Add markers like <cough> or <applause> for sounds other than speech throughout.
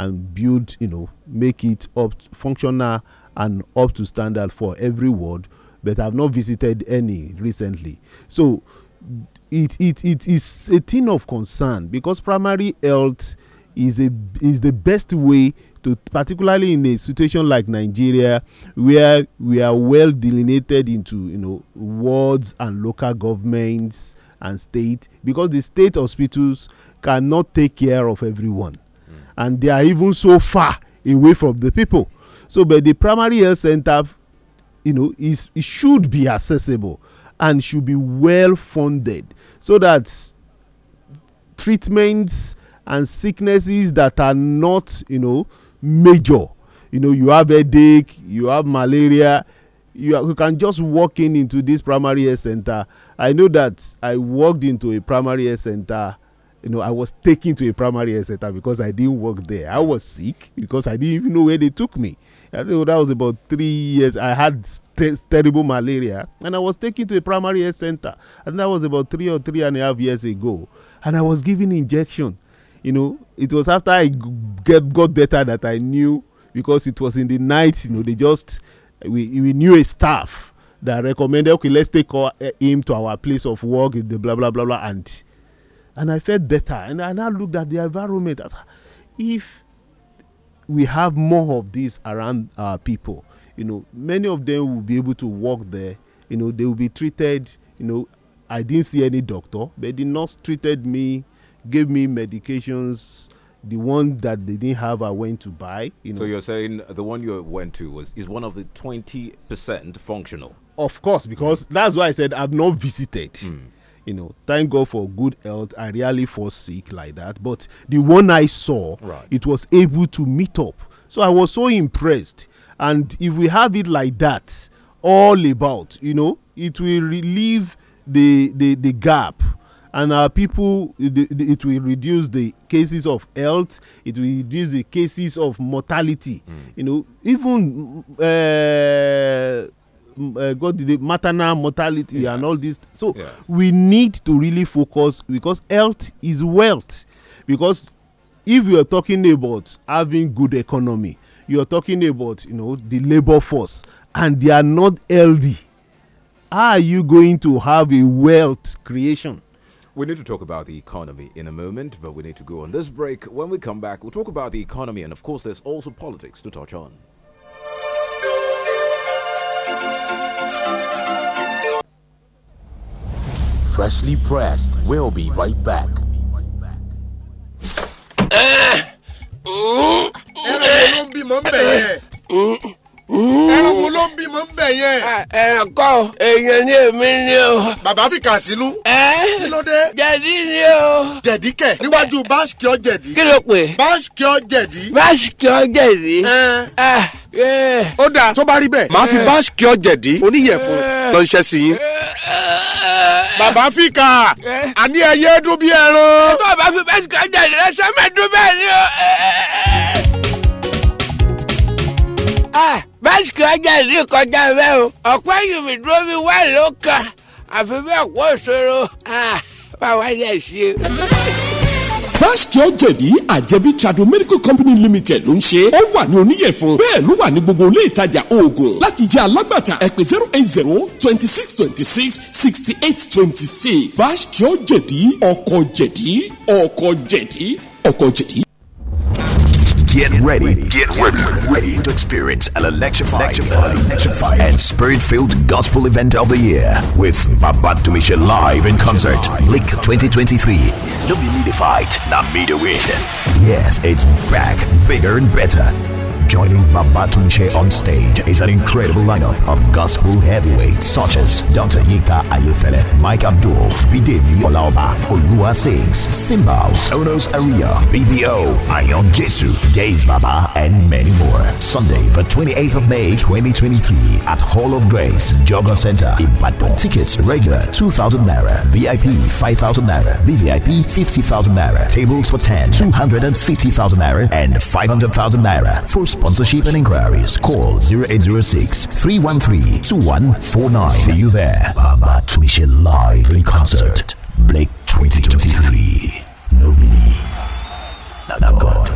and build you know make it up functional and up to standard for every ward but i've not visited any recently so it it it is a thing of concern because primary health is a is the best way to particularly in a situation like nigeria where we are well delineated into you know wards and local governments and state because the state hospitals cannot take care of everyone and they are even so far away from the people so but the primary health center you know is it should be accessible and should be well funded so that treatments and sicknesses that are not you know major you know you have headache you have malaria you, are, you can just walk in into this primary health center i know that i walked into a primary health center you know, I was taken to a primary health center because I didn't work there. I was sick because I didn't even know where they took me. I think that was about three years. I had terrible malaria and I was taken to a primary health center. And that was about three or three and a half years ago. And I was given injection. You know, it was after I get, got better that I knew because it was in the night, you know, they just, we, we knew a staff that recommended, okay, let's take eh, him to our place of work, the blah, blah, blah, blah. And and I felt better. And I now looked at the environment. If we have more of this around our uh, people, you know, many of them will be able to walk there. You know, they will be treated. You know, I didn't see any doctor, but the nurse treated me, gave me medications. The one that they didn't have, I went to buy. You know. So you're saying the one you went to was is one of the twenty percent functional? Of course, because mm. that's why I said I've not visited. Mm you know, thank God for good health. I really fall sick like that. But the one I saw, right. it was able to meet up. So I was so impressed. And if we have it like that, all about, you know, it will relieve the the, the gap. And our people, it, it will reduce the cases of health. It will reduce the cases of mortality. Mm. You know, even uh, uh, God, the maternal mortality yes. and all this. So yes. we need to really focus because health is wealth. Because if you are talking about having good economy, you are talking about you know the labor force, and they are not healthy. How are you going to have a wealth creation? We need to talk about the economy in a moment, but we need to go on this break. When we come back, we'll talk about the economy, and of course, there's also politics to touch on. freshly pressed. We'll be right back. ẹranko ló ń bímọ ń bẹ̀ yẹn. ẹranko ah, ló ń bímọ ń bẹ̀ yẹn. ẹranko èèyàn ni èmi ni o. bàbá fi kà sínú. kí ló dé. jẹ̀dí ni o. jẹ̀dí kẹ̀ níwájú báṣkìọ́ jẹ̀dí. kí ló pè. báṣkìọ́ jẹ̀dí. báṣkìọ́ jẹ̀dí. ó dáa tó bá rí bẹ́ẹ̀. màá fi báṣkìọ́ jẹ̀dí oníyẹ̀fun lọ́nṣẹ́ sí yín bàbá fìkà eh? àní ẹyẹ dún bí ẹran. tó o bá fi bẹ́ẹ̀ ká jẹ ìrẹsẹ́ mẹ́ẹ̀ẹ́dún bẹ́ẹ̀ ni o. bẹ́ẹ̀sì kan jẹ́ kọjá bẹ́ẹ̀ o ọ̀pẹ́ yìí mi dúró mi wá ló kan àfi bẹ́ẹ̀ kó ṣòro ah, báwa dẹ̀ ṣe cash tí ó jẹ̀bi àjẹbí trado medical company limited ló ń ṣe ó wà ní oníyẹ̀fún bẹ́ẹ̀ ló wà ní gbogbo ilé ìtajà oògùn láti jẹ́ alágbàtà ẹ̀pẹ̀ zero eight zero twenty six twenty six sixty eight twenty six cash tí ó jẹ̀bi ọkọ̀ jẹ̀bi ọkọ̀ jẹ̀bi ọkọ̀ jẹ̀bi. Get ready, get ready, get ready to experience an electrifying, electrifying and spirit-filled gospel event of the year with Babatumisha live in concert. Lick 2023. No be me the fight, not me to win. Yes, it's back, bigger and better. Joining Babatunche on stage is an incredible lineup of gospel heavyweights such as Dr. Yika Ayufele, Mike Abdul, Bidemi Olaba, Olua Sings, Simbaos, Onos Aria, BBO, Ion Jesu, Gaze Baba, and many more. Sunday, the 28th of May 2023 at Hall of Grace, Jogger Center, In Ibadan. Tickets regular 2,000 Naira, VIP 5,000 Naira, VVIP 50,000 Naira, tables for 10, 250,000 Naira, and 500,000 Naira. For sponsorship and inquiries, call 0806 313 2149. See you there. Baba Tumishe live in concert. Blake 2023. Nobly. God.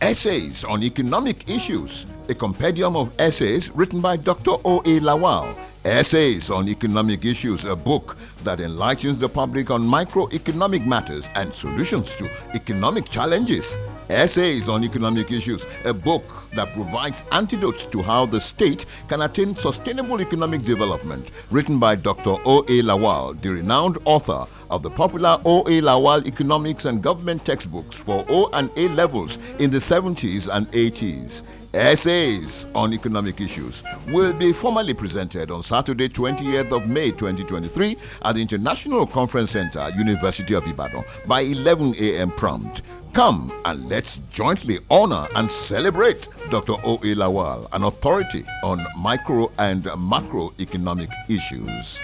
Essays on Economic Issues, a compendium of essays written by Dr. O.A. Lawal Essays on Economic Issues, a book that enlightens the public on microeconomic matters and solutions to economic challenges. Essays on Economic Issues, a book that provides antidotes to how the state can attain sustainable economic development, written by Dr. O.A. Lawal, the renowned author of the popular O.A. Lawal Economics and Government textbooks for O and A levels in the 70s and 80s essays on economic issues will be formally presented on Saturday, 28th of May 2023 at the International Conference Center, University of Ibadan by 11 a.m. prompt. Come and let's jointly honor and celebrate Dr. O.A. Lawal, an authority on micro and macroeconomic issues.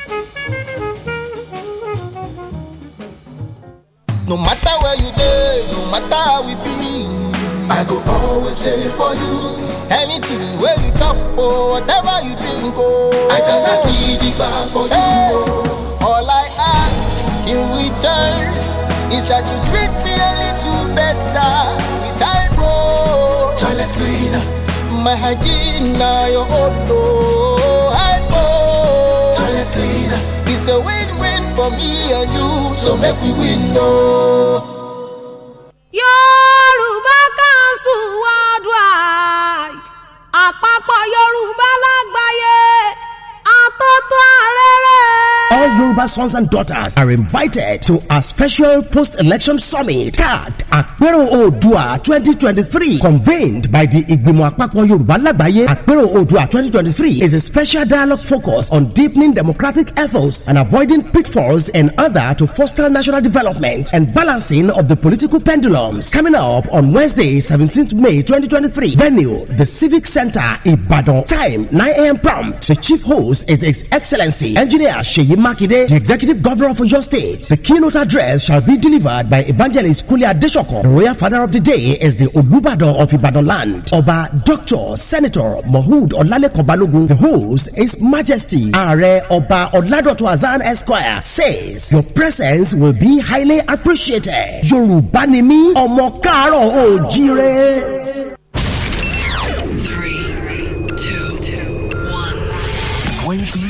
No matter where you live, no matter how we be. I go always there for you. Anything where you chop or oh, whatever you drink, oh. I cannot need it back for hey. you. Oh. All I ask in return is that you treat me a little better with eyebrow. Toilet cleaner. My hygiene now your own oh, eyebrow. Toilet cleaner. It's a win-win for me and you, so make we win, oh. Abba sons and daughters are invited to a special post-election summit card Àpérò 2023 convened by the Ìgbìmọ̀ Àpapọ̀ Yorùbá Lágbàáyé. Àpérò Odua 2023 is a special dialogue focused on deepening democratic efforts and avoiding pitfalls and other to foster national development and balancing of the political pendulums. Coming up on Wednesday, 17th May 2023. Venue, the Civic Center, Ibadan. Time, 9 a.m. prompt. The chief host is His Excellency Engineer Sheyi Makide. the executive governor of your state. The keynote address shall be delivered by Evangelist Kule Adeshoko. The royal father of the day is the Olubado of Ibadan land, Oba Dr. Senator Mahud Olaleko Balogun. The host is Majesty Are Oba Oladoto Azan Esquire says your presence will be highly appreciated. Yorùbá Omokaro Ojire. Three, two, two, one. Twenty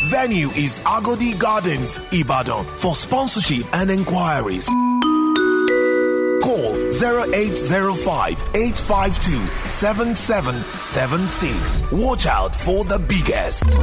Venue is Agodi Gardens, Ibadan. For sponsorship and enquiries, call 0805 852 7776. Watch out for the biggest.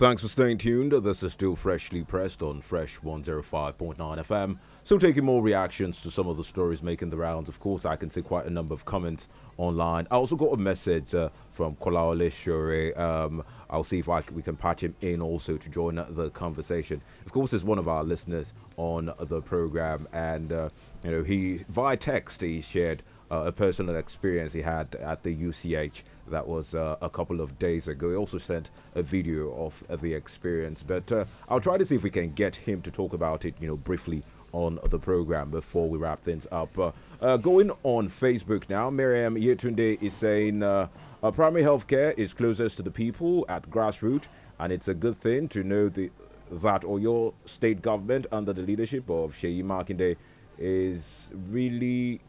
Thanks for staying tuned. This is still freshly pressed on Fresh 105.9 FM. So, taking more reactions to some of the stories making the rounds. Of course, I can see quite a number of comments online. I also got a message uh, from Kolaole Shure. Um, I'll see if I can, we can patch him in also to join the conversation. Of course, he's one of our listeners on the program, and uh, you know he via text he shared uh, a personal experience he had at the UCH that was uh, a couple of days ago. He also sent a video of, the experience, but uh, I'll try to see if we can get him to talk about it, you know, briefly on the program before we wrap things up. Uh, uh going on Facebook now, Miriam Yetunde is saying uh, uh, primary healthcare is closest to the people at grassroots, and it's a good thing to know the, that or your state government under the leadership of Sheyi Markinde, is really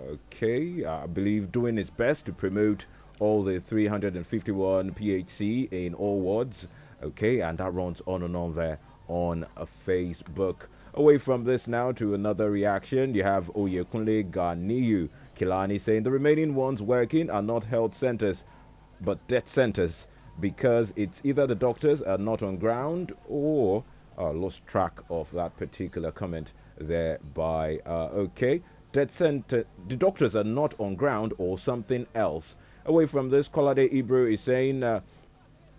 okay, I believe, doing its best to promote all the 351 PHC in all wards. Okay, and that runs on and on there on Facebook. Away from this now to another reaction, you have Oyekunle Ganiyu Kilani saying the remaining ones working are not health centers but death centers because it's either the doctors are not on ground or uh, lost track of that particular comment there by uh, okay death center the doctors are not on ground or something else Away from this, Colade Ebro is saying, uh,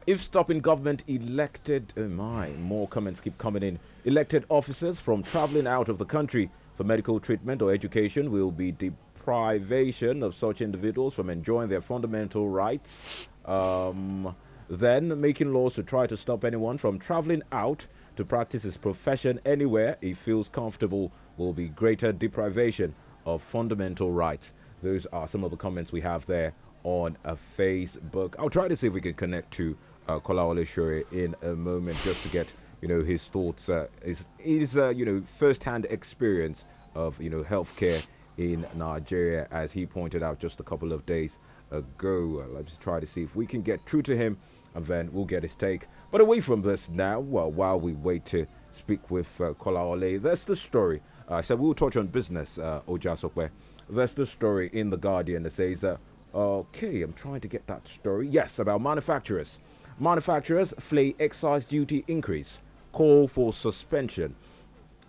if stopping government elected, oh my, more comments keep coming in, elected officers from traveling out of the country for medical treatment or education will be deprivation of such individuals from enjoying their fundamental rights. Um, then making laws to try to stop anyone from traveling out to practice his profession anywhere he feels comfortable will be greater deprivation of fundamental rights. Those are some of the comments we have there on a uh, Facebook. I'll try to see if we can connect to uh, Kolaole Shure in a moment just to get you know his thoughts, uh, his, his uh, you know first-hand experience of you know healthcare in Nigeria, as he pointed out just a couple of days ago. Let's try to see if we can get through to him, and then we'll get his take. But away from this now, well, while we wait to speak with uh, Kolaole, that's the story. Uh, so we'll touch on business, uh, Oja Sokwe. That's the story in the Guardian that says. Uh, Okay, I'm trying to get that story. Yes, about manufacturers. Manufacturers flee excise duty increase, call for suspension.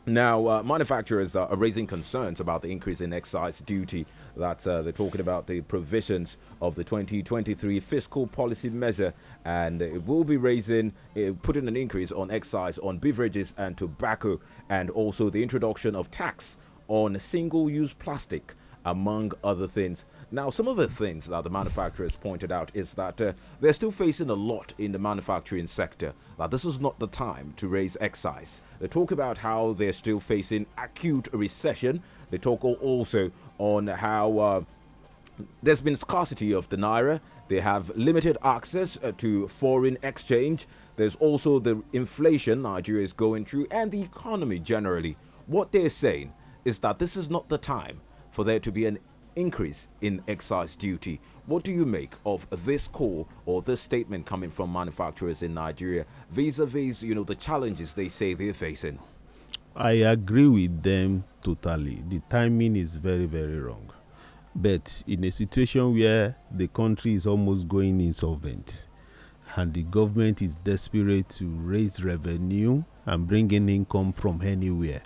Now, uh, manufacturers are raising concerns about the increase in excise duty that uh, they're talking about the provisions of the 2023 fiscal policy measure, and it will be raising, uh, putting an increase on excise on beverages and tobacco, and also the introduction of tax on single use plastic, among other things. Now, some of the things that the manufacturers pointed out is that uh, they're still facing a lot in the manufacturing sector, that this is not the time to raise excise. They talk about how they're still facing acute recession. They talk also on how uh, there's been scarcity of the naira. They have limited access uh, to foreign exchange. There's also the inflation Nigeria is going through and the economy generally. What they're saying is that this is not the time for there to be an increase in excise duty. What do you make of this call or this statement coming from manufacturers in Nigeria vis-a-vis, -vis, you know, the challenges they say they're facing? I agree with them totally. The timing is very, very wrong. But in a situation where the country is almost going insolvent and the government is desperate to raise revenue and bring in income from anywhere,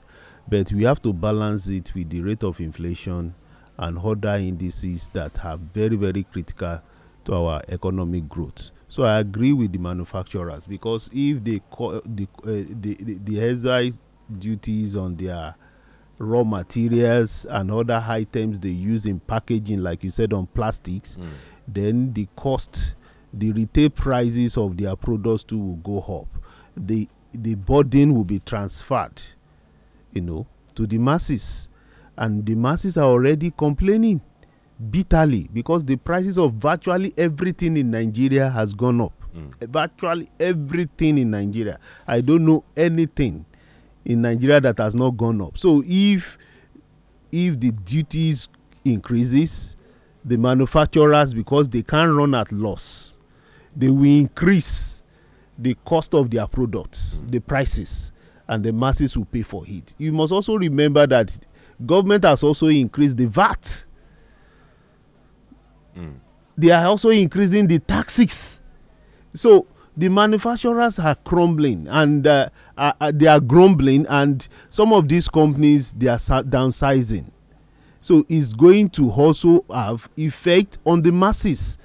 but we have to balance it with the rate of inflation and other indices that are very, very critical to our economic growth. So I agree with the manufacturers because if they the, uh, the, the, the excise duties on their raw materials and other items they use in packaging, like you said, on plastics, mm. then the cost, the retail prices of their products too will go up. The the burden will be transferred, you know, to the masses and the masses are already complaining bitterly because the prices of virtually everything in nigeria has gone up mm. virtually everything in nigeria i don't know anything in nigeria that has not gone up so if if the duties increases the manufacturers because they can't run at loss they will increase the cost of their products mm. the prices and the masses will pay for it you must also remember that Government has also increased the VAT. Mm. They are also increasing the taxes. So the manufacturers are crumbling and uh, uh, uh they are grumbling, and some of these companies they are downsizing. So it's going to also have effect on the masses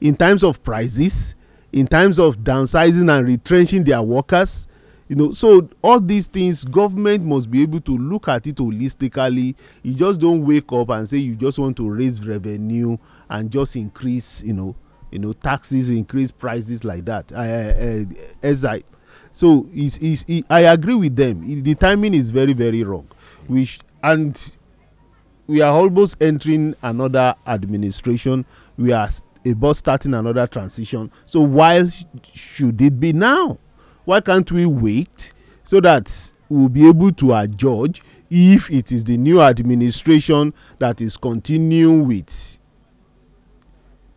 in terms of prices, in terms of downsizing and retrenching their workers you know so all these things government must be able to look at it holistically you just don't wake up and say you just want to raise revenue and just increase you know you know taxes increase prices like that uh, uh, uh, so it's, it's, it, i agree with them the timing is very very wrong Which and we are almost entering another administration we are about starting another transition so why sh should it be now why can't we wait so that we'll be able to adjudge if it is the new administration that is continuing with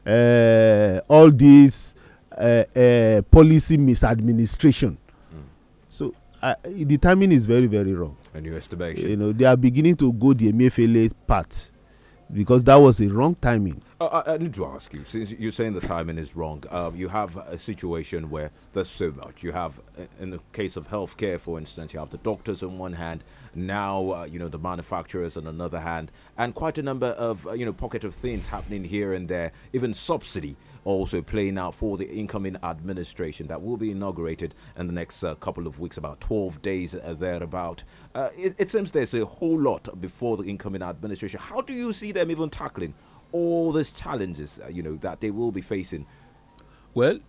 uh, all this uh, uh, policy misadministration. Mm. So uh, the timing is very very wrong. And you estimation. You know they are beginning to go the Emefiele path because that was the wrong timing. Uh, I, I, need to ask you, since you're saying the timing is wrong, uh, you have a situation where there's so much. You have, uh, in the case of healthcare, for instance, you have the doctors on one hand, now uh, you know the manufacturers on another hand, and quite a number of uh, you know pocket of things happening here and there. Even subsidy also playing out for the incoming administration that will be inaugurated in the next uh, couple of weeks, about 12 days thereabout. Uh, it, it seems there's a whole lot before the incoming administration. How do you see them even tackling all these challenges, uh, you know, that they will be facing? Well,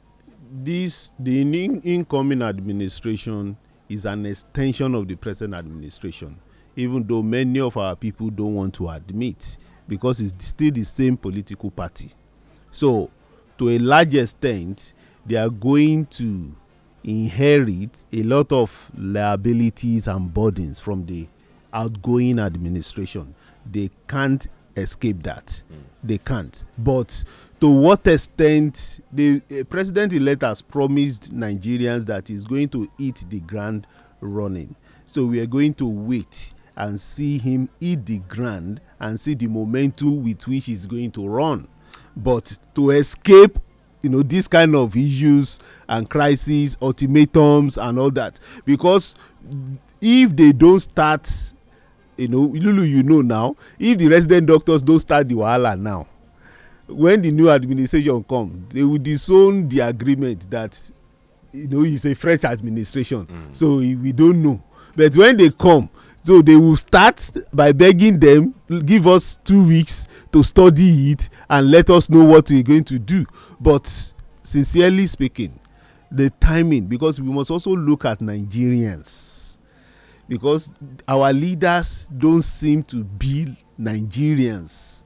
this the in incoming administration is an extension of the present administration, even though many of our people don't want to admit because it's still the same political party. So, to a large extent, they are going to inherit a lot of liabilities and burdens from the outgoing administration. They can't escape that. Mm. They can't. But to what extent the uh, president elect has promised Nigerians that he's going to eat the grand running. So we are going to wait and see him eat the grand and see the momentum with which he's going to run. But to escape you know these kind of issues and crises ultimatums and all that because if they don't start you know lulu you know now if the resident doctors don't start the wahala now when the new administration come they will disown the agreement that you know it's a fresh administration mm. so we don't know but when they come so they will start by begging them give us two weeks to study it and let us know what we're going to do but sincerely speaking the timing because we must also look at nigerians because our leaders don't seem to be nigerians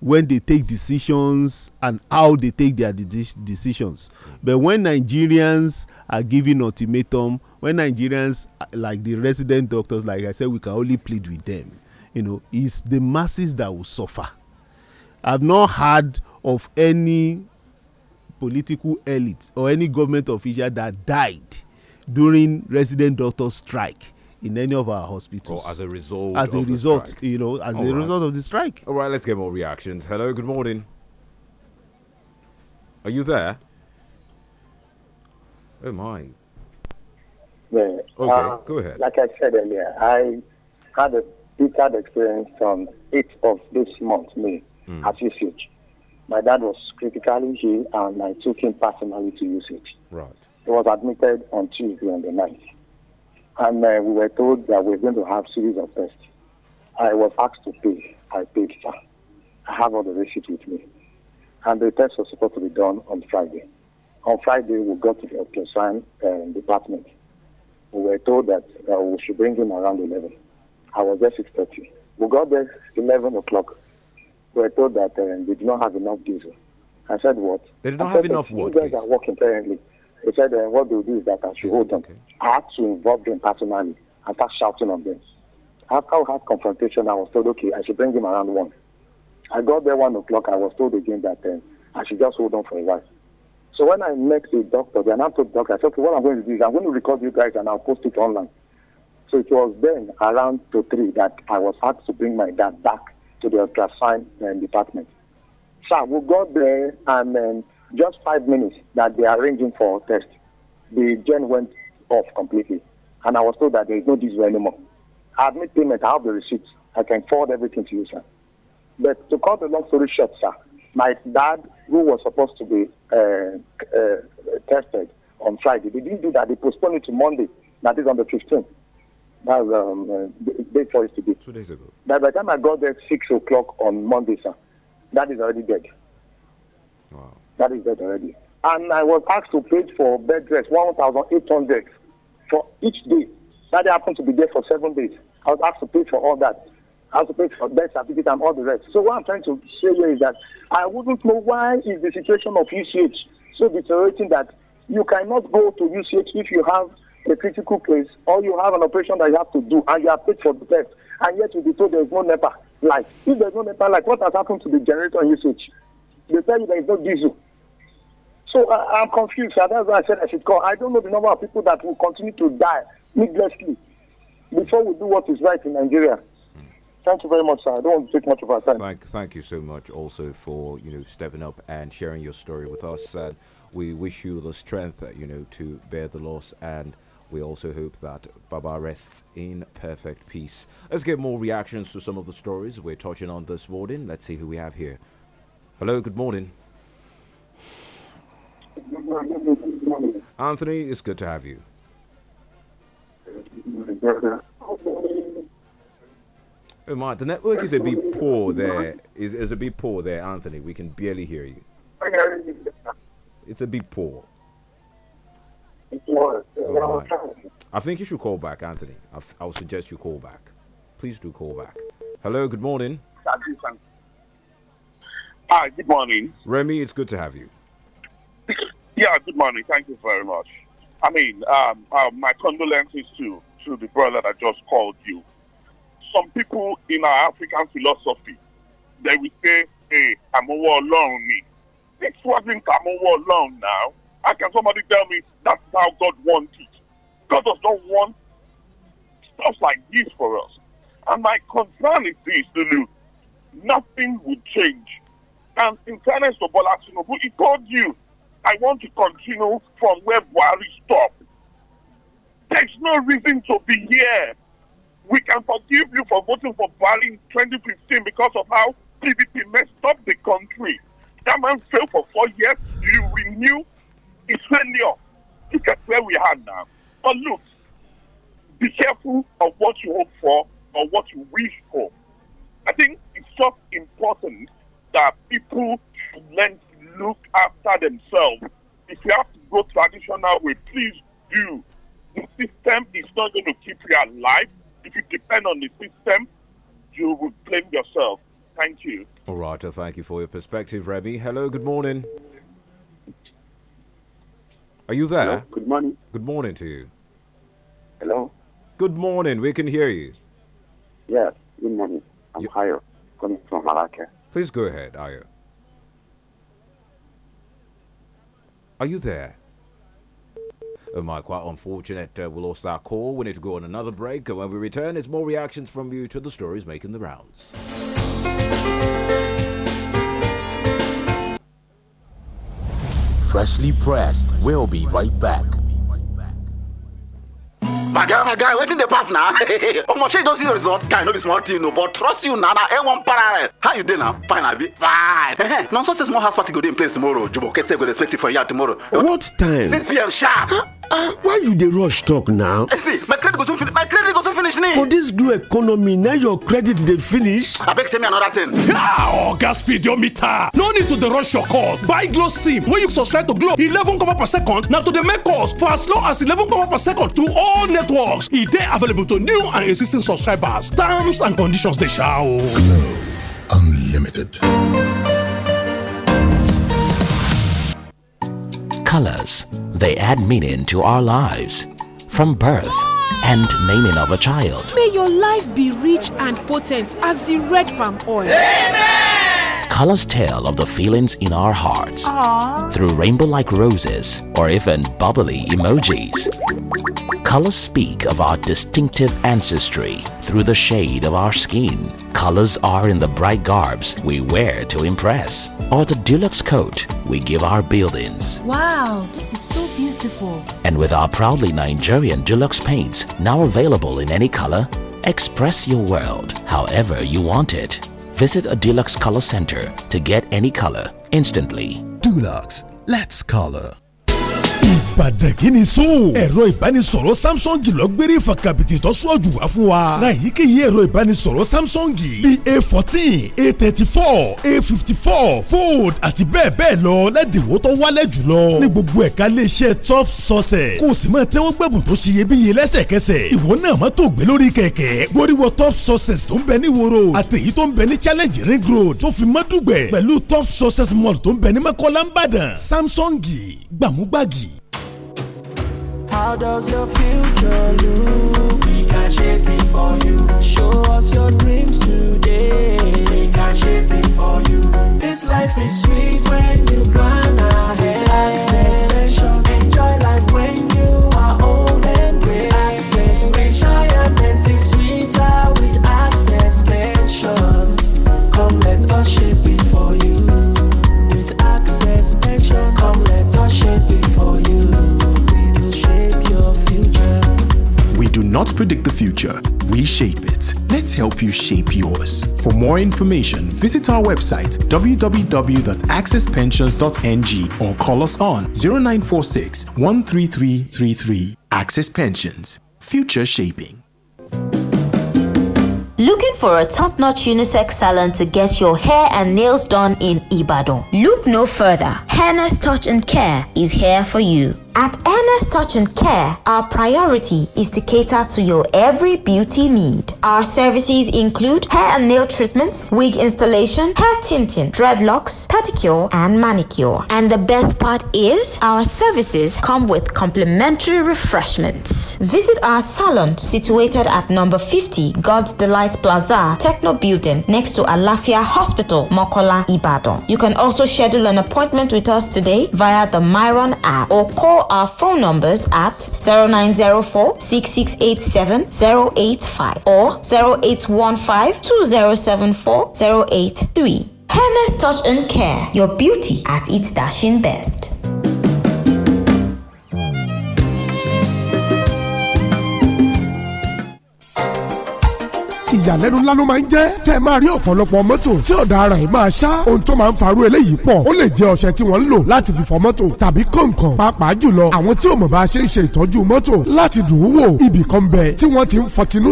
when they take decisions and how they take their decisions but when nigerians are given ultimatum when nigerians like the resident doctors like i said we can only plead with them you know it's the masses that will suffer i've not heard of any political elite or any government official that died during resident doctor strike in any of our hospitals. Or as a result. As a result, you know, as All a right. result of the strike. All right, let's get more reactions. Hello, good morning. Are you there? Oh my. Yeah, okay, uh, go ahead. Like I said earlier, I had a bitter experience on 8th of this month, May, mm. as see. My dad was critically ill, and I took him personally to use it. Right. He was admitted on Tuesday on the 9th. And uh, we were told that we are going to have series of tests. I was asked to pay. I paid, sir. I have all the receipt with me. And the test was supposed to be done on Friday. On Friday, we got to the ultrasound uh, um, department. We were told that uh, we should bring him around 11. I was there 6.30. We got there 11 o'clock were told that um, uh, they did not have enough diesel. I said, what? They did not have enough what? You guys are working currently. They said, uh, what they'll do is that I should hold them. Okay. I had to involve them personally and start shouting on them. After I had confrontation, I was told, okay, I should bring him around 1. I got there 1 o'clock. I was told again that um, I should just hold on for a while. So when I met the doctor, the anatomy doctor, I said, okay, what I'm going to do is I'm going to record you guys and I'll post it online. So it was then around two 3 that I was asked to bring my dad back to the ultrasound um, uh, department. sir. we got there and um, just five minutes that they are arranging for test, the gen went off completely. And I was told that there is no diesel anymore. I admit payment, I have the receipt, I can forward everything to you, sir. But to cut the long story short, sir, my dad, who was supposed to be uh, uh, tested on Friday, they didn't do that. They postponed it to Monday, that is on the 15th um, uh, day yesterday. Two days ago. That by the time I got there six o'clock on Monday, sir, that is already dead. Wow. That is dead already. And I was asked to pay for bed rest one thousand eight hundred for each day. That happened to be there for seven days. I was asked to pay for all that. I was to pay for bed certificate and all the rest. So what I'm trying to say here is that I wouldn't know why is the situation of UCH so deteriorating that you cannot go to UCH if you have a critical place or you have an operation that you have to do and you are paid for the test and yet you be told there is no NEPA light. If there's no NEPA light, what has happened to the generator usage? They tell you there is no diesel. So I'm confused. And that's why I said I should call. I don't know the number of people that will continue to die needlessly before we do what is right in Nigeria. Thank you very much, sir. I don't want to take much of our time. Thank, thank you so much also for you know stepping up and sharing your story with us. And we wish you the strength, you know, to bear the loss and we also hope that Baba rests in perfect peace. Let's get more reactions to some of the stories we're touching on this morning. Let's see who we have here. Hello, good morning. Good morning, good morning. Anthony, it's good to have you. Oh my, the network is a bit poor there. Is, is a bit poor there, Anthony. We can barely hear you. It's a bit poor. I think you should call back, Anthony. I, would suggest you call back. Please do call back. Hello, good morning. Hi, good morning. Remy, it's good to have you. yeah, good morning. Thank you very much. I mean, um, uh, my condolences to, to the brother that just called you. Some people in our African philosophy, they will say, hey, I'm over alone. This wasn't I'm over alone now. How can somebody tell me that's how God wants it? God does not want stuff like this for us. And my concern is this, Lulu. Nothing will change. And in fairness to Bola he told you, I want to continue from where Buhari stopped. There's no reason to be here. We can forgive you for voting for Buhari in 2015 because of how PDP messed up the country. That man failed for four years. You renew is failure. Look at where we are now. But look, be careful of what you hope for or what you wish for. I think it's just important that people should learn to look after themselves. If you have to go traditional way, please do. The system is not going to keep you alive. If you depend on the system, you will blame yourself. Thank you. All right, well, thank you for your perspective, Rebby. Hello, good morning. Are you there? Hello? Good morning. Good morning to you. Hello. Good morning. We can hear you. Yes. Good morning. I'm you- Hayo, coming from Malacca. Please go ahead, Ayo. Are you there? Oh my, quite unfortunate. Uh, we lost our call. We need to go on another break. And when we return, it's more reactions from you to the stories making the rounds. freshly pressed. We'll be right back. My guy, my guy, waiting the path now. <laughs> oh, my shit, don't see the result. Guy, no be smart, you know. but trust you now. Nah, A1 parallel. How you doing now? Fine, I be fine. <laughs> now, so say small house party go in place tomorrow. Jubo, Kese go respect you for yard tomorrow. What time? 6 p.m. sharp. Uh, uh, why you the rush talk now? Eh, see, my credit goes soon My credit goes finish ni. for dis glue economy na your credit dey finish. abeg send me another ten. ah oga speed your meter no need to dey rush your call buy glo sim wey you subscribe to glo eleven cover per second na to dey make calls for as low as eleven cover per second to all networks e dey available to new and existing subscribers terms and conditions dey sha o. glo unlimited. Colors, they add meaning to our lives from birth and naming of a child. May your life be rich and potent as the red palm oil. Amen colors tell of the feelings in our hearts Aww. through rainbow like roses or even bubbly emojis. Colors speak of our distinctive ancestry through the shade of our skin. Colors are in the bright garbs we wear to impress or the deluxe coat we give our buildings. Wow, this is so beautiful. And with our proudly Nigerian deluxe paints now available in any color, express your world however you want it. Visit a Dulux Color Center to get any color instantly. Dulux, let's color. ìbàdàn kí ni sùn. ẹ̀rọ ìbánisọ̀rọ̀ samsung lọ́gbẹ́rẹ́ fàkàbìtì tó sọ́ọ̀jù wá fún wa. ra èyíkéyìí ẹ̀rọ ìbánisọ̀rọ̀ samsung bíi a fourteen a thirty four a fifty four fold àti bẹ́ẹ̀ bẹ́ẹ̀ lọ lẹ́dínwó tó wálẹ̀ jùlọ. ní gbogbo ẹ̀ka iléeṣẹ́ top sources kò sì máa tẹ́wọ́ gbẹ̀bùn tó ṣe iyebíye lẹ́sẹ̀kẹsẹ̀. ìwọ náà má tó gbé lórí kẹ̀kẹ́ gbóríwọ top sources tó ń bẹ ní woro àtẹ̀yí tó ń bẹ ní challenge ring road tó fi mọ́ dùgbẹ̀ pẹ̀lú top sources mall tó ń bẹ ní mọ́kọ́lá ń bàdàn samsung gbàmúgbàgì How does your future look? We can shape it for you. Show us your dreams today. We can shape it for you. This life is sweet when you plan ahead. Access special. Enjoy life when you are old and great. Access, retirement is sweeter with access pensions. Come let us shape it for you. With access pension, come. do not predict the future, we shape it. Let's help you shape yours. For more information, visit our website www.accesspensions.ng or call us on 0946 13333. Access Pensions, future shaping. Looking for a top notch unisex salon to get your hair and nails done in Ibadan? Look no further. Ernest Touch and Care is here for you. At Ernest Touch and Care, our priority is to cater to your every beauty need. Our services include hair and nail treatments, wig installation, hair tinting, dreadlocks, pedicure, and manicure. And the best part is our services come with complimentary refreshments. Visit our salon situated at number 50 God's Delight Plaza, Techno Building, next to Alafia Hospital, Mokola, Ibadan. You can also schedule an appointment with us today via the Myron app or call our phone numbers at 0904 6687 085 or 0815 2074 083. Hennes Touch and Care, your beauty at its dashing best. ìyàlẹ́nu ńlá ló máa ń jẹ́ tẹ́ ẹ máa rí ọ̀pọ̀lọpọ̀ mọ́tò tí ọ̀dà ara ẹ̀ máa ṣá ohun tó máa ń farú eléyìí pọ̀ ó lè jẹ́ ọṣẹ tí wọ́n ń lò láti fi fọ mọ́tò tàbí kọ̀ǹkọ̀ǹ pàápàá jùlọ àwọn tí ò mọ̀ bá ṣe ń ṣe ìtọ́jú mọ́tò láti dùn ún wò ibì kan bẹ tí wọ́n ti ń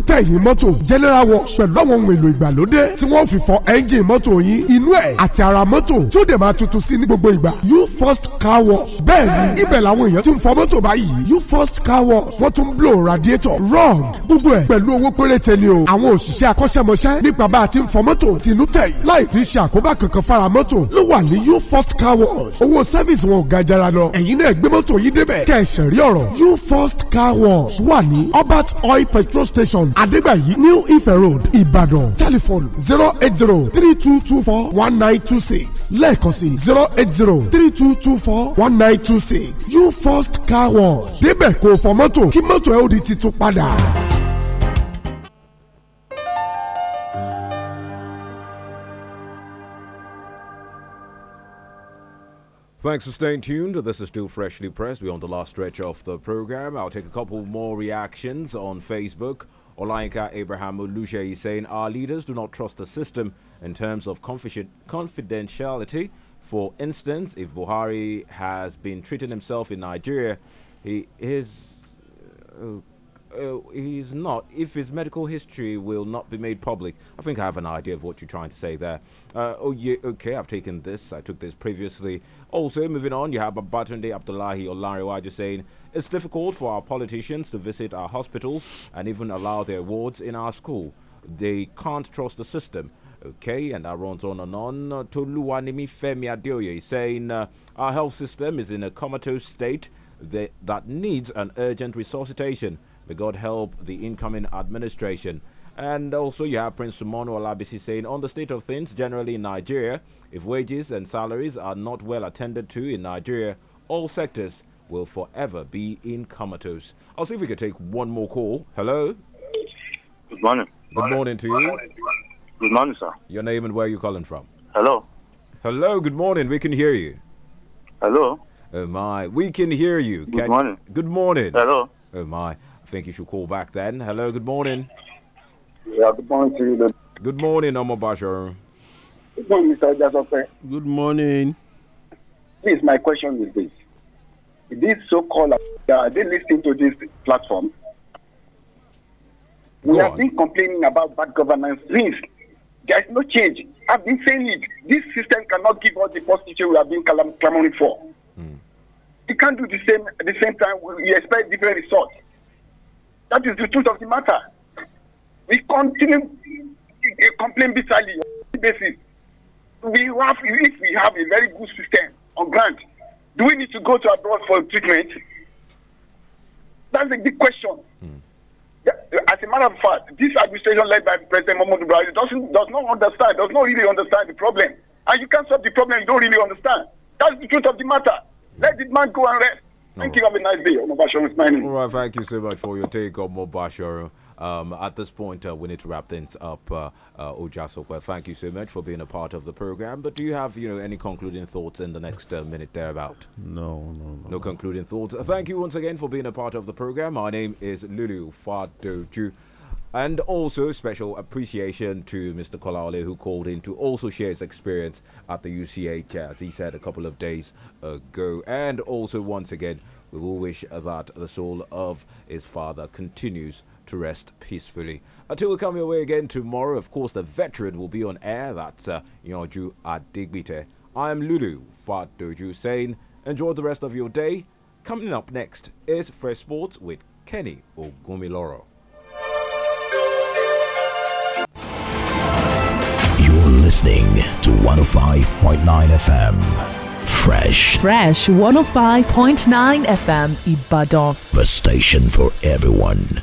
general wash pẹ̀lú àwọn ohun èlò ìgbàlódé tí wọ́n fi fọ ẹ́ńjìn mọ́tò yín inú ẹ̀ àti ara mọ́tò tí ó dẹ̀ máa tuntun sí you first car wash bẹ́ẹ̀ ni ibẹ̀ làwọn èèyàn ti ń fọ you first car wash wọ́n blow radiator rug gbogbo ẹ̀ pẹ̀lú owó péréte ni o àwọn òṣìṣ iléeṣẹ́ akọ́ṣẹ́mọṣẹ́ nípa bá a ti ń fọ mọ́tò tìlú tẹ̀yìn láì ní ṣe àkóbá kankan fara mọ́tò ló wà ní you first car wash owó sẹ́fíìsì wọn ò ga jara lọ ẹ̀yin náà gbé mọ́tò yìí débẹ̀ kẹ̀sẹ̀ rí ọ̀rọ̀ you first car wash wà ní albert oil petrol station adégbàyí new ife road ìbàdàn telephone zero eight zero three two two four one nine two six lẹ́ẹ̀kan zero eight zero three two two four one nine two six you first car wash débẹ̀ kò fọ mọ́tò kí mọ́tò ẹ ó di titun padà. Thanks for staying tuned. This is still freshly pressed. We're on the last stretch of the program. I'll take a couple more reactions on Facebook. Olainka Abraham Oluche is saying our leaders do not trust the system in terms of confidentiality. For instance, if Buhari has been treating himself in Nigeria, he is uh, uh, he's not. If his medical history will not be made public, I think I have an idea of what you're trying to say there. Uh, oh yeah, okay. I've taken this. I took this previously. Also, moving on, you have Babatunde Abdullahi Olariwaju saying, It's difficult for our politicians to visit our hospitals and even allow their wards in our school. They can't trust the system. Okay, and that runs on and on. Toluwanimi Femi Adeoye is saying, uh, Our health system is in a comatose state that, that needs an urgent resuscitation. May God help the incoming administration. And also, you have Prince Sumono Olabisi saying, on the state of things generally in Nigeria, if wages and salaries are not well attended to in Nigeria, all sectors will forever be in comatose. I'll see if we can take one more call. Hello. Good morning. Good morning, morning to you. Good morning, sir. Your name and where you calling from? Hello. Hello. Good morning. We can hear you. Hello. Oh my, we can hear you. Good can morning. You? Good morning. Hello. Oh my, I think you should call back then. Hello. Good morning. Yeah, good morning to you. Good morning, Omo Good morning, Mr. Jasope. Good morning. Please, my question is this. This so-called, uh, are they listening to this platform? Go we on. have been complaining about bad governance Please, There is no change. I've been saying it. This system cannot give us the positive we have been clamoring for. Mm. can't do the same at the same time. We expect different results. That is the truth of the matter. We continue to complain bitterly on basis. We have if we have a very good system on ground, do we need to go to abroad for treatment? That's a big question. Mm. As a matter of fact, this administration led by President Mahmoud Buhari doesn't does not understand, does not really understand the problem. And you can't solve the problem you don't really understand. That's the truth of the matter. Let the man go and rest. Thank you. Have a nice day. All right, thank you so much for your take on Mobashoro. Um, at this point, uh, we need to wrap things up, uh, uh, Thank you so much for being a part of the program. But do you have, you know, any concluding thoughts in the next uh, minute about? No, no, no. No concluding thoughts. Thank you once again for being a part of the program. My name is Lulu Fadoju. And also special appreciation to Mr. Kalale who called in to also share his experience at the UCH as he said a couple of days ago. And also once again, we will wish that the soul of his father continues to rest peacefully. Until we come your way again tomorrow, of course, the veteran will be on air. That's uh, Yonju Adigbite. I'm Lulu Fadoju saying, enjoy the rest of your day. Coming up next is Fresh Sports with Kenny Ogumiloro. You're listening to 105.9 FM. Fresh. Fresh 105.9 FM Ibadan. The station for everyone.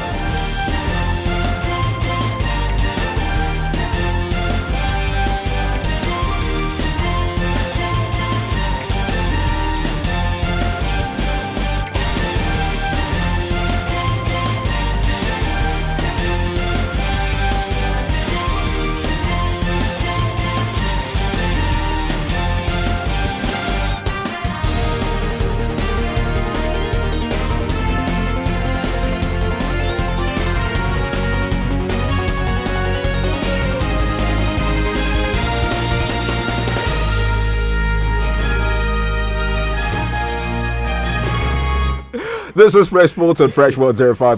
This is Fresh Sports on Fresh 105.9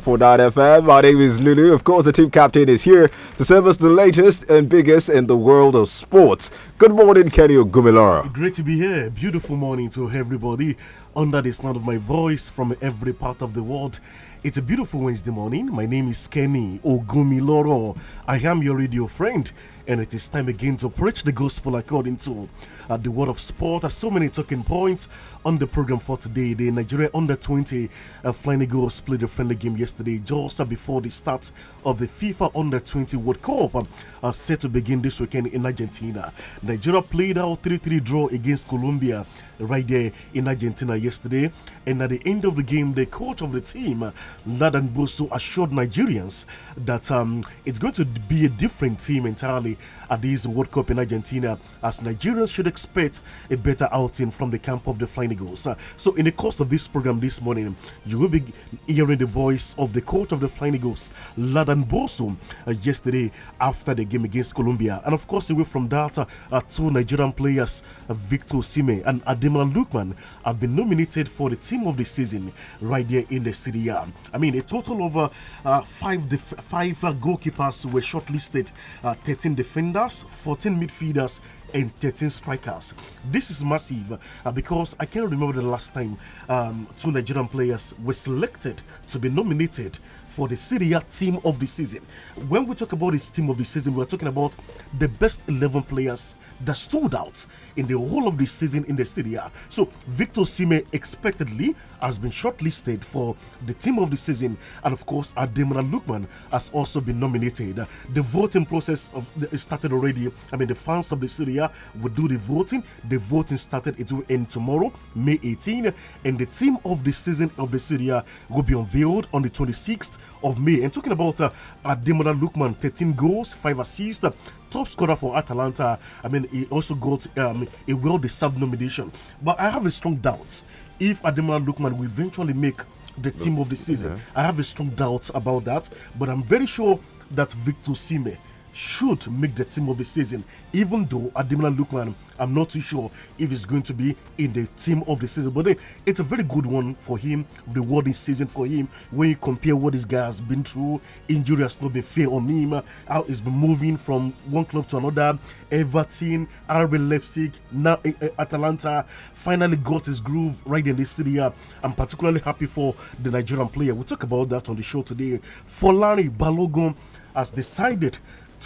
FM. My name is Lulu. Of course, the team captain is here to serve us the latest and biggest in the world of sports. Good morning, Kenny Ogumilara. Great to be here. Beautiful morning to everybody under the sound of my voice from every part of the world. It's a beautiful Wednesday morning. My name is Kenny Ogumiloro. I am your radio friend, and it is time again to preach the gospel according to uh, the word of sport. As so many talking points on the program for today. The Nigeria under 20 uh, Flying Eagles played a friendly game yesterday, just uh, before the start of the FIFA under 20 World Cup, um, uh, set to begin this weekend in Argentina. Nigeria played out 3 3 draw against Colombia right there in Argentina yesterday. And at the end of the game, the coach of the team, Ladan Bosso, assured Nigerians that um, it's going to be a different team entirely at this World Cup in Argentina, as Nigerians should expect a better outing from the camp of the Flying Eagles. so, in the course of this program this morning, you will be hearing the voice of the coach of the Flying Eagles, Ladan Boso, uh, yesterday after the game against Colombia. And of course, away from that, uh, two Nigerian players, uh, Victor Sime and Ademola Lukman, have been nominated for the team of the season right there in the Serie I mean, a total of uh, uh, five five uh, goalkeepers were shortlisted, uh, 13 defenders, 14 midfielders, and 13 strikers. This is massive uh, because I can't remember the last time um, two Nigerian players were selected to be nominated for the Syria team of the season. When we talk about this team of the season, we're talking about the best 11 players that stood out in the whole of the season in the Serie A. So Victor Sime expectedly has been shortlisted for the team of the season, and of course, Ademola Lukman has also been nominated. The voting process of the, started already. I mean, the fans of the Syria will do the voting. The voting started. It will end tomorrow, May 18, and the team of the season of the Syria will be unveiled on the 26th of May. And talking about uh, Ademola Lukman, 13 goals, five assists. top scorer for Atalanta. I mean, he also got um, a well deserved nomination. But I have a strong doubt if Ademola Lookman will eventually make the team of the season. Yeah. I have a strong doubt about that, but I'm very sure that Victor Sime should make the team of the season, even though Ademola Lukman, I'm not too sure if he's going to be in the team of the season. But it's a very good one for him, The rewarding season for him. When you compare what this guy has been through, injury has not been fair on him, how he's been moving from one club to another, Everton, RB Leipzig, now eh, eh, Atalanta, finally got his groove right in the city. I'm particularly happy for the Nigerian player. We'll talk about that on the show today. Folani Balogun has decided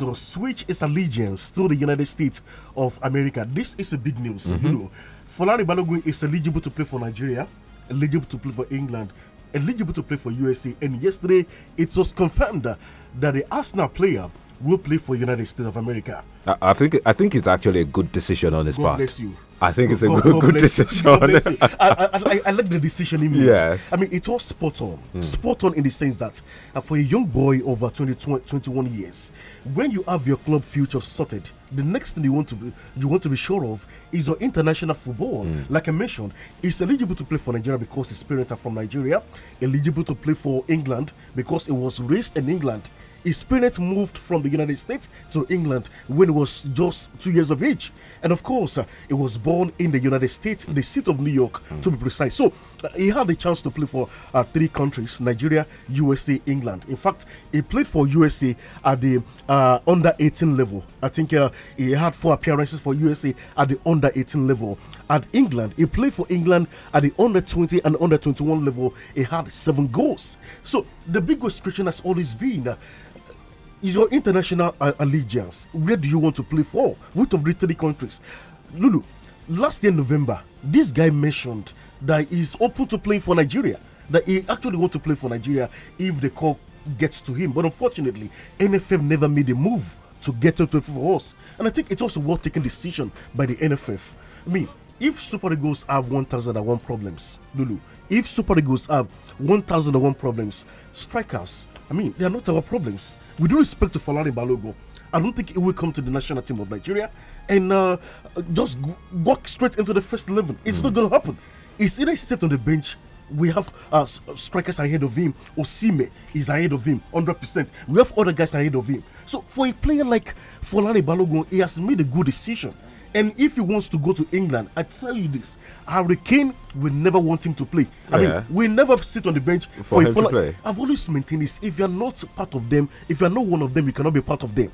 to switch its allegiance to the United States of America. This is a big news. Mm -hmm. You mm-hmm. know, Fulani Balogun is eligible to play for Nigeria, eligible to play for England, eligible to play for USA. And yesterday, it was confirmed that the Arsenal player will play for United States of America. I, I, think I think it's actually a good decision on his God part. Bless you. I think it's a God, good, good decision. I, I, I, like the decision he made. Yes. I mean, it was spot on. Mm. Spot on in the sense that uh, for a young boy over 20, 20, 21 years, when you have your club future sorted, the next thing you want to be you want to be sure of is your international football. Mm. Like I mentioned, he's eligible to play for Nigeria because his parents are from Nigeria, eligible to play for England because he was raised in England his parents moved from the United States to England when he was just two years of age. And of course, uh, he was born in the United States, the city of New York, mm. to be precise. So he had the chance to play for uh, three countries Nigeria, USA, England. In fact, he played for USA at the uh, under 18 level. I think uh, he had four appearances for USA at the under 18 level. At England, he played for England at the under 20 and under 21 level. He had seven goals. So the big question has always been uh, is your international uh, allegiance. Where do you want to play for? Which of the three countries? Lulu, last year November, this guy mentioned that is open to play for Nigeria, that he actually want to play for Nigeria if the call gets to him. But unfortunately, NFF never made a move to get to play for us. And I think it's also worth taking decision by the NFF. I mean, if Super Eagles have 1001 problems, Lulu, if Super Eagles have 1001 problems, strikers, I mean, they are not our problems. With due respect to Falani Balogo, I don't think he will come to the national team of Nigeria and uh, just walk straight into the first 11. It's mm. not going to happen. He's either sit on the bench. We have uh, uh, strikers ahead of him. Osime is ahead of him, 100%. We have other guys ahead of him. So for a player like Folani Balogun, he has made a good decision. And if he wants to go to England, I tell you this: Harry Kane will never want him to play. I yeah. mean, we never sit on the bench for, for him to play. I've always maintained this: if you're not part of them, if you're not one of them, you cannot be part of them.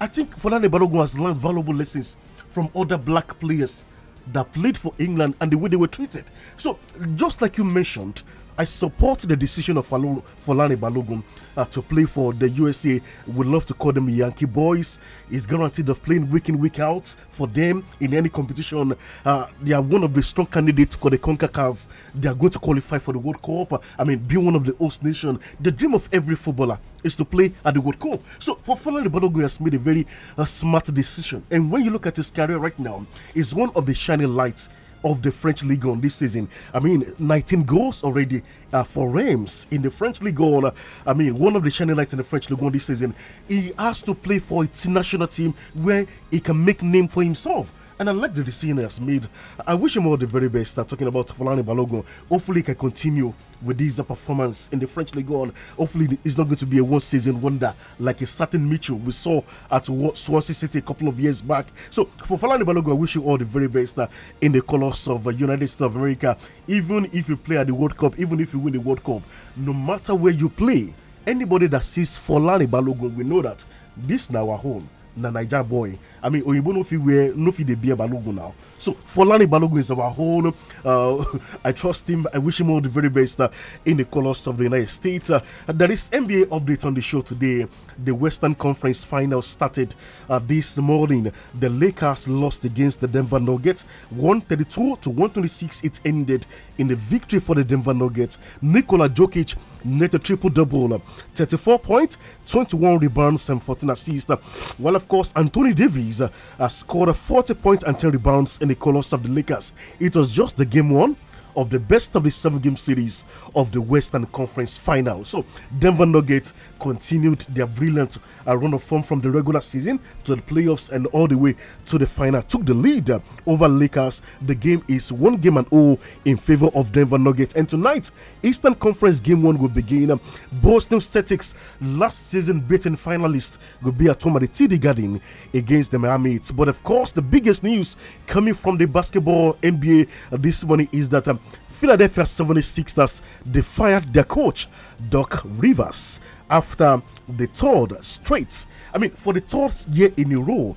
I think Fulani Balogun has learned valuable lessons from other black players that played for England and the way they were treated. So, just like you mentioned, I support the decision of Falani Balogun uh, to play for the USA. We love to call them Yankee boys. Is guaranteed of playing week in, week out for them in any competition. Uh, they are one of the strong candidates for the CONCACAF. They are going to qualify for the World Cup. I mean, being one of the host nation, the dream of every footballer is to play at the World Cup. So for Falani Balogun has made a very uh, smart decision. And when you look at his career right now, is one of the shining lights of the French League on this season. I mean, 19 goals already uh, for Reims in the French League on. Uh, I mean, one of the shining lights in the French League on this season. He has to play for its national team where he can make name for himself and I like the decision he has made. I wish him all the very best. Uh, talking about Fulani Balogun, hopefully he can continue with this uh, performance in the French League on. Hopefully it's not going to be a one-season wonder like a certain Mitchell we saw at Swansea City a couple of years back. So for Fulani Balogun, I wish you all the very best uh, in the colours of uh, United States of America. Even if you play at the World Cup, even if you win the World Cup, no matter where you play, anybody that sees Fulani Balogun, we know that this is our home. the Niger boy, I mean, Oyibo no fit wear, no fit dey bear Balogun now. So Folani Balogun is our own. Uh, <laughs> I trust him. I wish him all the very best uh, in the colors of the United States. Uh, there is NBA update on the show today. The Western Conference final started uh, this morning. The Lakers lost against the Denver Nuggets, 132 to 126. It ended in the victory for the Denver Nuggets. Nikola Jokic net a triple double, uh, 34 points, 21 rebounds, and 14 assists. Uh, well, of course, Anthony Davis. Higgs uh, uh, scored 40 points and 10 rebounds in the colossus of the Lakers. It was just the game one of the best of the seven game series of the Western Conference final. So, Denver Nuggets continued their brilliant uh, run of form from the regular season to the playoffs and all the way to the final. Took the lead uh, over Lakers. The game is one game and all in favor of Denver Nuggets. And tonight, Eastern Conference game one will begin. Um, Boston Celtics, last season beaten finalists, will be at home at the TD Garden against the Miami Heat. But of course, the biggest news coming from the basketball NBA this morning is that um, Philadelphia 76ers they fired their coach, Doc Rivers, after the third straight. I mean, for the third year in a row,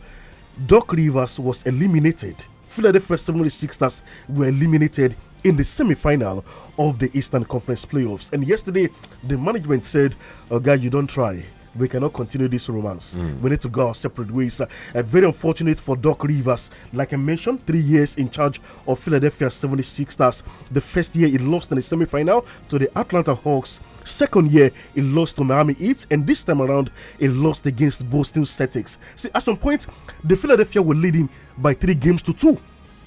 Doc Rivers was eliminated. Philadelphia 76ers were eliminated in the semi-final of the Eastern Conference playoffs. And yesterday, the management said, "Oh, guy, you don't try we cannot continue this romance. Mm. We need to go our separate ways. Uh, very unfortunate for Doc Rivers. Like I mentioned, three years in charge of Philadelphia 76ers. The first year he lost in the semi final to the Atlanta Hawks. Second year he lost to Miami Heat. And this time around, he lost against Boston Celtics. See, at some point, the Philadelphia will lead him by three games to two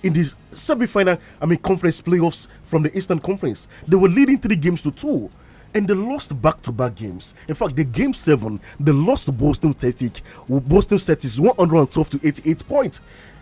in this semi-final, I mean conference playoffs from the Eastern Conference. They were leading three games to two and they lost back-to-back games. In fact, the game seven, they lost to Boston Celtics. Boston Celtics 112 to 88 points,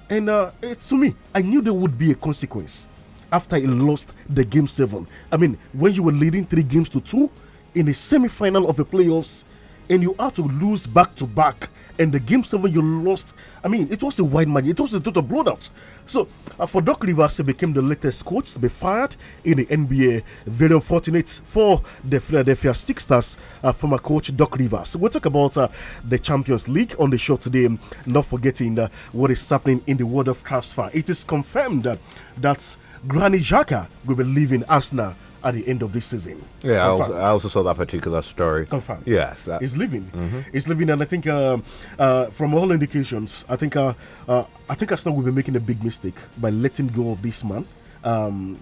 and uh, to me, I knew there would be a consequence after he lost the game seven. I mean, when you were leading three games to two in the semi-final of the playoffs, and you are to lose back-to-back. back to back and the game seven you lost. I mean, it was a wide margin. It was a total blowout. So uh, for Doc Rivers, he became the latest coach to be fired in the NBA. Very unfortunate for the Philadelphia Sixers uh, former coach Doc Rivers. We'll talk about uh, the Champions League on the show today. Not forgetting uh, what is happening in the world of transfer. It is confirmed uh, that Granny Xhaka will be leaving Arsenal at the end of this season. Yeah, I also, I also, saw that particular story. Confirmed. Yes, that. he's leaving. Mm -hmm. He's leaving, and I think uh, uh, from all indications, I think uh, uh, I think Arsenal will be making a big mistake by letting go of this man. Um,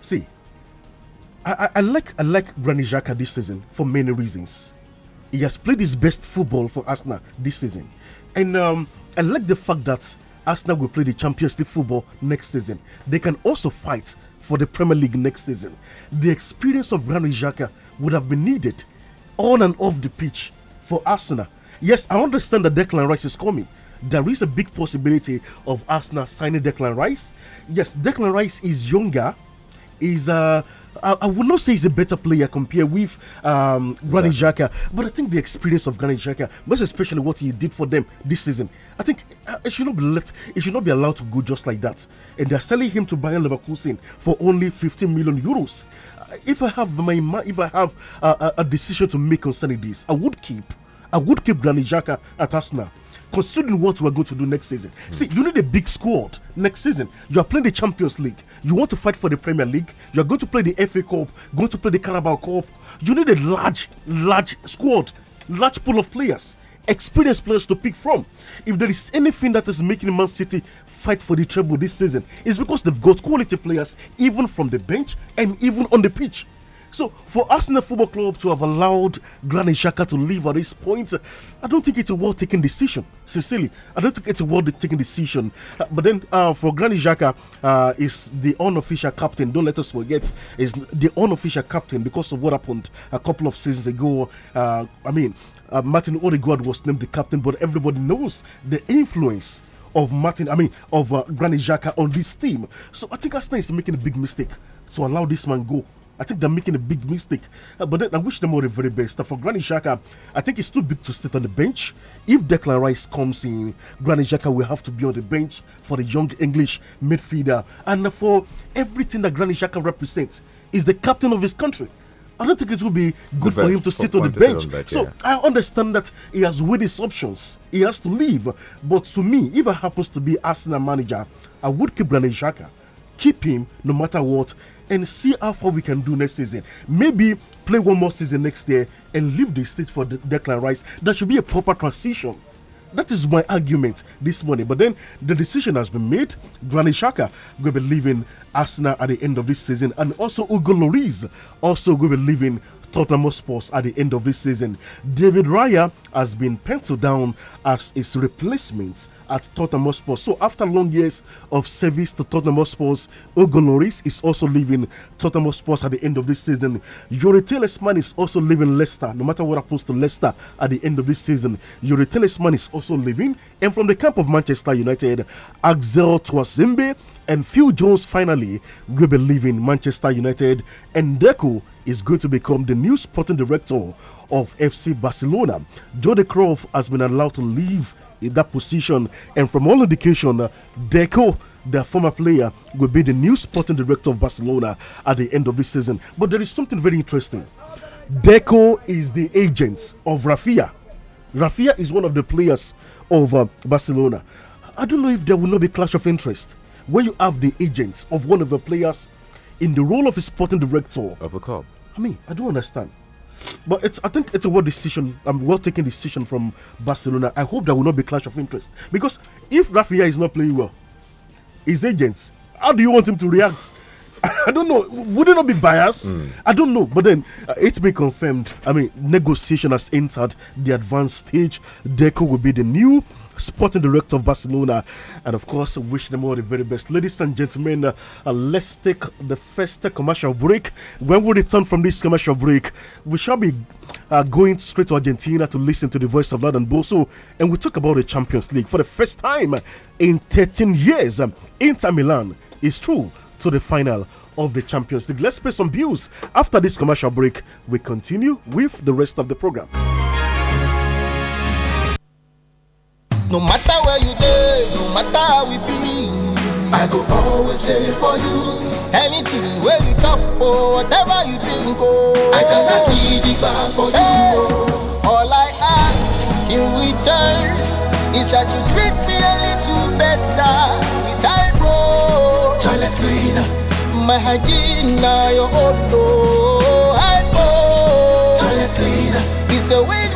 see, I, I, I, like I like Granit Xhaka this season for many reasons. He has played his best football for Arsenal this season, and um, I like the fact that Arsenal will play the Champions League football next season. They can also fight for the Premier League next season. The experience of Granit Xhaka would have been needed on and off the pitch for Arsenal. Yes, I understand that Declan Rice is coming. There is a big possibility of Arsenal signing Declan Rice. Yes, Declan Rice is younger, is uh, I, I, would not say he's a better player compared with um, Granit Xhaka, but I think the experience of Granit Xhaka, most especially what he did for them this season, I think uh, it should not be let, it should not be allowed to go just like that. And they're selling him to Bayern Leverkusen for only 15 million euros. Uh, if I have my if I have a, a decision to make concerning this, I would keep I would keep Granit Xhaka at Arsenal considering what we're going to do next season. Mm. See, you need a big squad next season. You are playing the Champions League. You want to fight for the Premier League. You're going to play the FA Cup, going to play the Carabao Cup. You need a large, large squad, large pool of players, experienced players to pick from. If there is anything that is making Man City fight for the treble this season, it's because they've got quality players, even from the bench and even on the pitch. So for Arsenal Football Club to have allowed Granit Xhaka to leave at this point, uh, I don't think it's a worth taken decision. Sincerely, I don't think it's a worth taken decision. Uh, but then uh, for Granit Xhaka, uh, is the unofficial captain. Don't let us forget, is the unofficial captain because of what happened a couple of seasons ago. Uh, I mean, uh, Martin Odegaard was named the captain, but everybody knows the influence of Martin, I mean, of uh, Granit Xhaka on this team. So I think Arsenal is making a big mistake to allow this man go I think they're making a big mistake. Uh, but then I wish them all the very best. Uh, for Granny Shaka, I think it's too big to sit on the bench. If Declan Rice comes in, Granny Shaka will have to be on the bench for the young English midfielder. And uh, for everything that Granny Shaka represents, is the captain of his country. I don't think it would be good for him to sit on the bench. On that, so yeah. I understand that he has with his options. He has to leave. But to me, if I happens to be Arsenal manager, I would keep Granny Shaka, Keep him no matter what and see how far we can do next season. Maybe play one more season next year and leave the stage for the Declan Rice. That should be a proper transition. That is my argument this morning. But then the decision has been made. Granny Shaka will be leaving Arsenal at the end of this season, and also Ugo Loris. also will be leaving Tottenham Hotspurs at the end of this season. David Raya has been penciled down as his replacement at Tottenham Hotspur. So after long years of service to Tottenham Hotspur, Hugo Lloris is also leaving Tottenham Hotspur at the end of this season. Yuri Talisman is also leaving Leicester. No matter what happens to Leicester at the end of this season, Yuri Talisman is also leaving. And from the camp of Manchester United, Axel Tuasimbe and Phil Jones finally will be leaving Manchester United, and Deco is going to become the new sporting director of FC Barcelona. Jody Croft has been allowed to leave in that position, and from all indication, Deco the former player will be the new sporting director of Barcelona at the end of this season. But there is something very interesting. Deco is the agent of Rafia. Rafia is one of the players of uh, Barcelona. I don't know if there will not be clash of interest. When you have the agents of one of the players in the role of a sporting director of the club. I mean, I don't understand. But it's I think it's a well decision, um, well taken decision from Barcelona. I hope there will not be clash of interest because if Rafinha is not playing well, his agents, how do you want him to react? <laughs> I don't know. Would it not be biased? Mm. I don't know. But then uh, it's been confirmed. I mean, negotiation has entered the advanced stage. Deco will be the new sporting director of Barcelona, and of course, wish them all the very best. Ladies and gentlemen, uh, uh, let's take the first commercial break. When we return from this commercial break, we shall be uh, going straight to Argentina to listen to the voice of Ladan Boso, and we talk about the Champions League for the first time in 13 years. Um, Inter Milan is through to the final of the Champions League. Let's pay some bills. After this commercial break, we continue with the rest of the program. No matter where you live, no matter how we be. I go always there for you. Anything where you chop or oh, whatever you drink, oh. I cannot eat the bar for hey. you. Oh. All I ask in return is that you treat me a little better with eyebrow. Toilet cleaner. My hygiene now your own, oh. Eyebrow. Toilet cleaner. It's a win.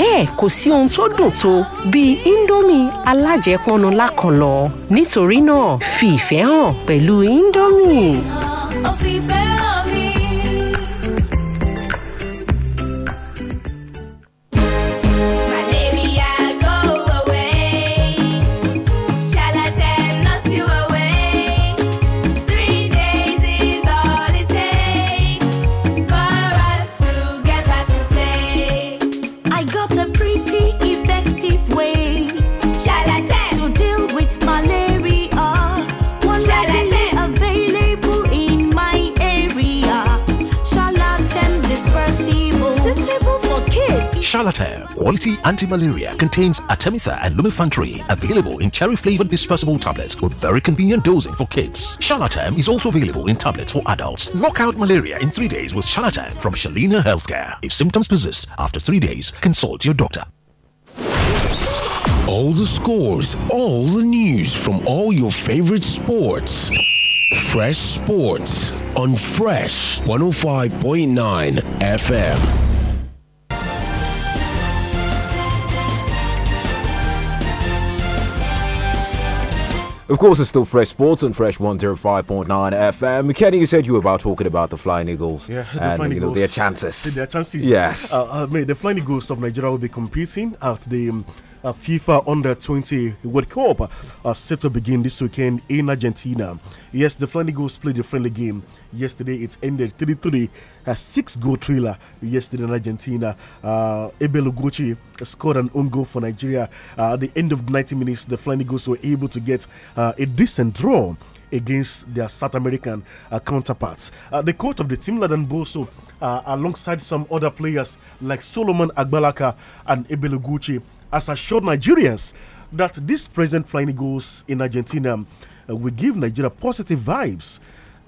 bẹ́ẹ̀ kò sí ohun tó dùn tó bíi indomie alájẹpọnu lákànlọ́ nítorí náà fi ìfẹ́ hàn pẹ̀lú indomie. Charlatan Quality Anti-Malaria contains Artemisa and Lumefantrine available in cherry-flavored dispersible tablets with very convenient dosing for kids. Charlatan is also available in tablets for adults. Knock out malaria in three days with Charlatan from Shalina Healthcare. If symptoms persist after three days, consult your doctor. All the scores, all the news from all your favorite sports. Fresh Sports on Fresh 105.9 FM. Of course, it's still Fresh Sports and Fresh 105.9 FM. Kenny, you said you were about talking about the Flying Eagles. Yeah, the and, Flying you know, Eagles. Their chances. Their chances. Yes. Uh, uh, mate, the Flying Eagles of Nigeria will be competing at the. Um, uh, FIFA Under 20 World Cup uh, set to begin this weekend in Argentina. Yes, the Flying Eagles played a friendly game yesterday. It ended 3 3, a six goal thriller yesterday in Argentina. Uh, scored an own goal for Nigeria. Uh, at the end of 90 minutes, the Flying Eagles were able to get uh, a decent draw against their South American uh, counterparts. Uh, the coach of the team, Ladan Boso, uh, alongside some other players like Solomon Agbalaka and Ebeluguchi, has assured Nigerians that this present Flying Eagles in Argentina uh, will give Nigeria positive vibes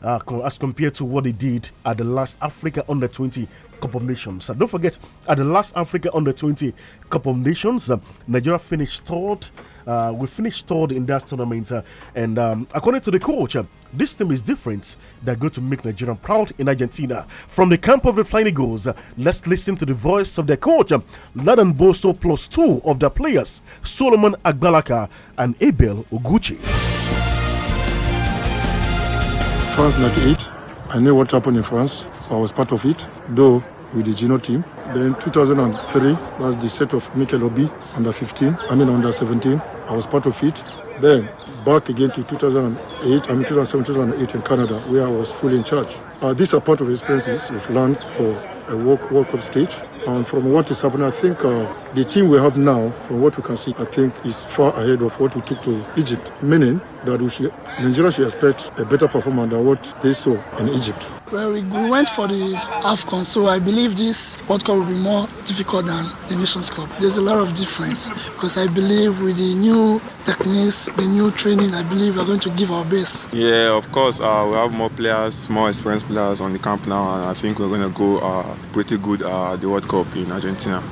uh, as compared to what they did at the last Africa Under 20 Cup of Nations. Uh, don't forget, at the last Africa Under 20 Cup of Nations, uh, Nigeria finished third. Uh, we finished third in that tournament. Uh, and um, according to the coach, uh, this team is different. They're going to make Nigeria proud in Argentina. From the camp of the Flying Eagles, uh, let's listen to the voice of their coach, um, Ladan Boso, plus two of their players, Solomon Agbalaka and Abel Oguchi. France 98, I knew what happened in France, so I was part of it, though with the Gino team. Then 2003, that's the set of Mikel Obi, under 15, I mean under 17. I was part of it. Then back again to 2008, I mean 2007, 2008 in Canada, where I was fully in charge. Uh, these are part of experiences we've learned for a walk World Cup stage. And from what is happening, I think uh, the team we have now, from what we can see, I think is far ahead of what we took to Egypt, meaning that we should, Nigeria should expect a better performance than what they saw in Egypt. Well, we, we went for the AFCON, so I believe this World Cup will be more difficult than the Nations Cup. There's a lot of difference because I believe with the new techniques, the new training, I believe we're going to give our best. Yeah, of course, uh, we have more players, more experienced players on the camp now, and I think we're going to go uh, pretty good uh, the World Cup. Cup in Argentina.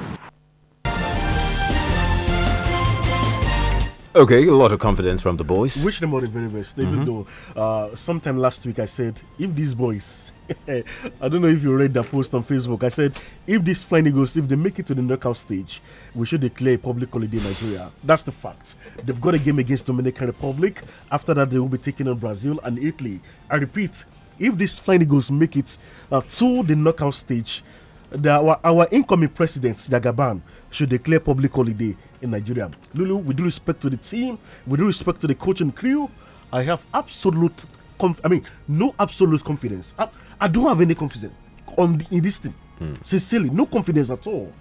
Okay, a lot of confidence from the boys. Wish them all the very best, even mm -hmm. though uh, sometime last week I said, if these boys, <laughs> I don't know if you read that post on Facebook, I said, if these Flying Eagles, if they make it to the knockout stage, we should declare a public holiday in Nigeria. That's the fact. They've got a game against Dominican Republic. After that, they will be taking on Brazil and Italy. I repeat, if these Flying Eagles make it uh, to the knockout stage, that our, our incoming president, Jagaban, should declare public holiday in Nigeria. Lulu, with due respect to the team, with due respect to the coach and crew, I have absolute, I mean, no absolute confidence. I, I don't have any confidence on the, in this team. Mm. Sincerely, no confidence at all.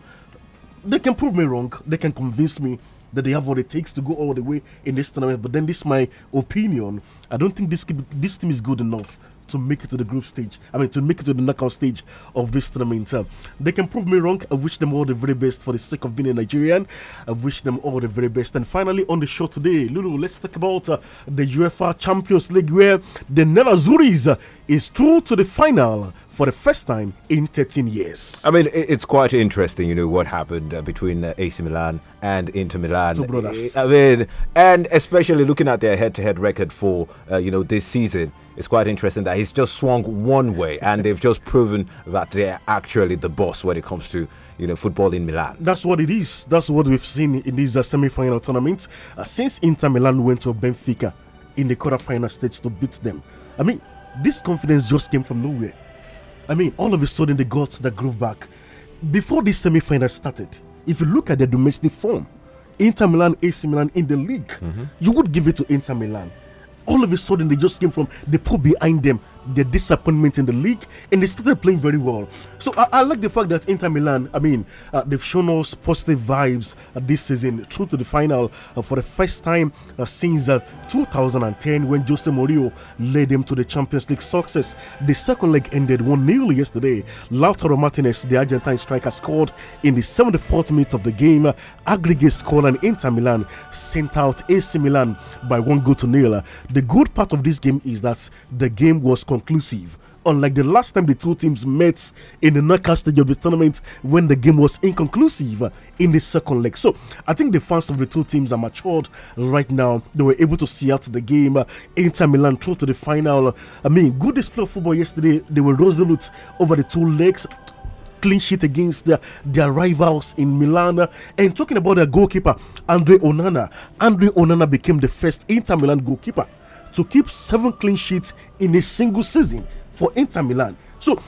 They can prove me wrong. They can convince me that they have what it takes to go all the way in this tournament. But then this is my opinion. I don't think this this team is good enough to make it to the group stage. I mean, to make it to the knockout stage of this tournament. Uh, they can prove me wrong. I wish them all the very best for the sake of being a Nigerian. I wish them all the very best. And finally, on the show today, Lulu, let's talk about uh, the UEFA Champions League where the Nerazzurris uh, is through to the final for the first time in 13 years. I mean, it's quite interesting, you know, what happened uh, between uh, AC Milan and Inter Milan. Two brothers. I mean, and especially looking at their head-to-head record for uh, you know this season, it's quite interesting that he's just swung one way, <laughs> and they've just proven that they're actually the boss when it comes to you know football in Milan. That's what it is. That's what we've seen in this uh, semi-final tournament. Uh, since Inter Milan went to Benfica in the quarter-final stage to beat them, I mean, this confidence just came from nowhere. I mean, all of a sudden they got the groove back. Before this semi-final started, if you look at the domestic form, Inter Milan, AC Milan in the league, mm -hmm. you would give it to Inter Milan. All of a sudden, they just came from the pool behind them their disappointment in the league, and they started playing very well. So I, I like the fact that Inter Milan, I mean, uh, they've shown us positive vibes uh, this season, through to the final uh, for the first time uh, since uh, 2010 when Jose Mourinho led them to the Champions League success. The second leg ended 1 0 yesterday. Lautaro Martinez, the Argentine striker, scored in the 74th minute of the game. Uh, aggregate score and Inter Milan sent out AC Milan by one goal to nil. The good part of this game is that the game was conclusive unlike the last time the two teams met in the knockout stage of the tournament when the game was inconclusive in the second leg. So I think the fans of the two teams are matured right now. They were able to see out the game. Inter Milan through to the final. I mean, good display of football yesterday. They were resolute over the two legs clean sheet against their, their rivals in Milan. And talking about their goalkeeper, Andre Onana. Andre Onana became the first Inter Milan goalkeeper to keep seven clean sheets in a single season for Inter Milan. So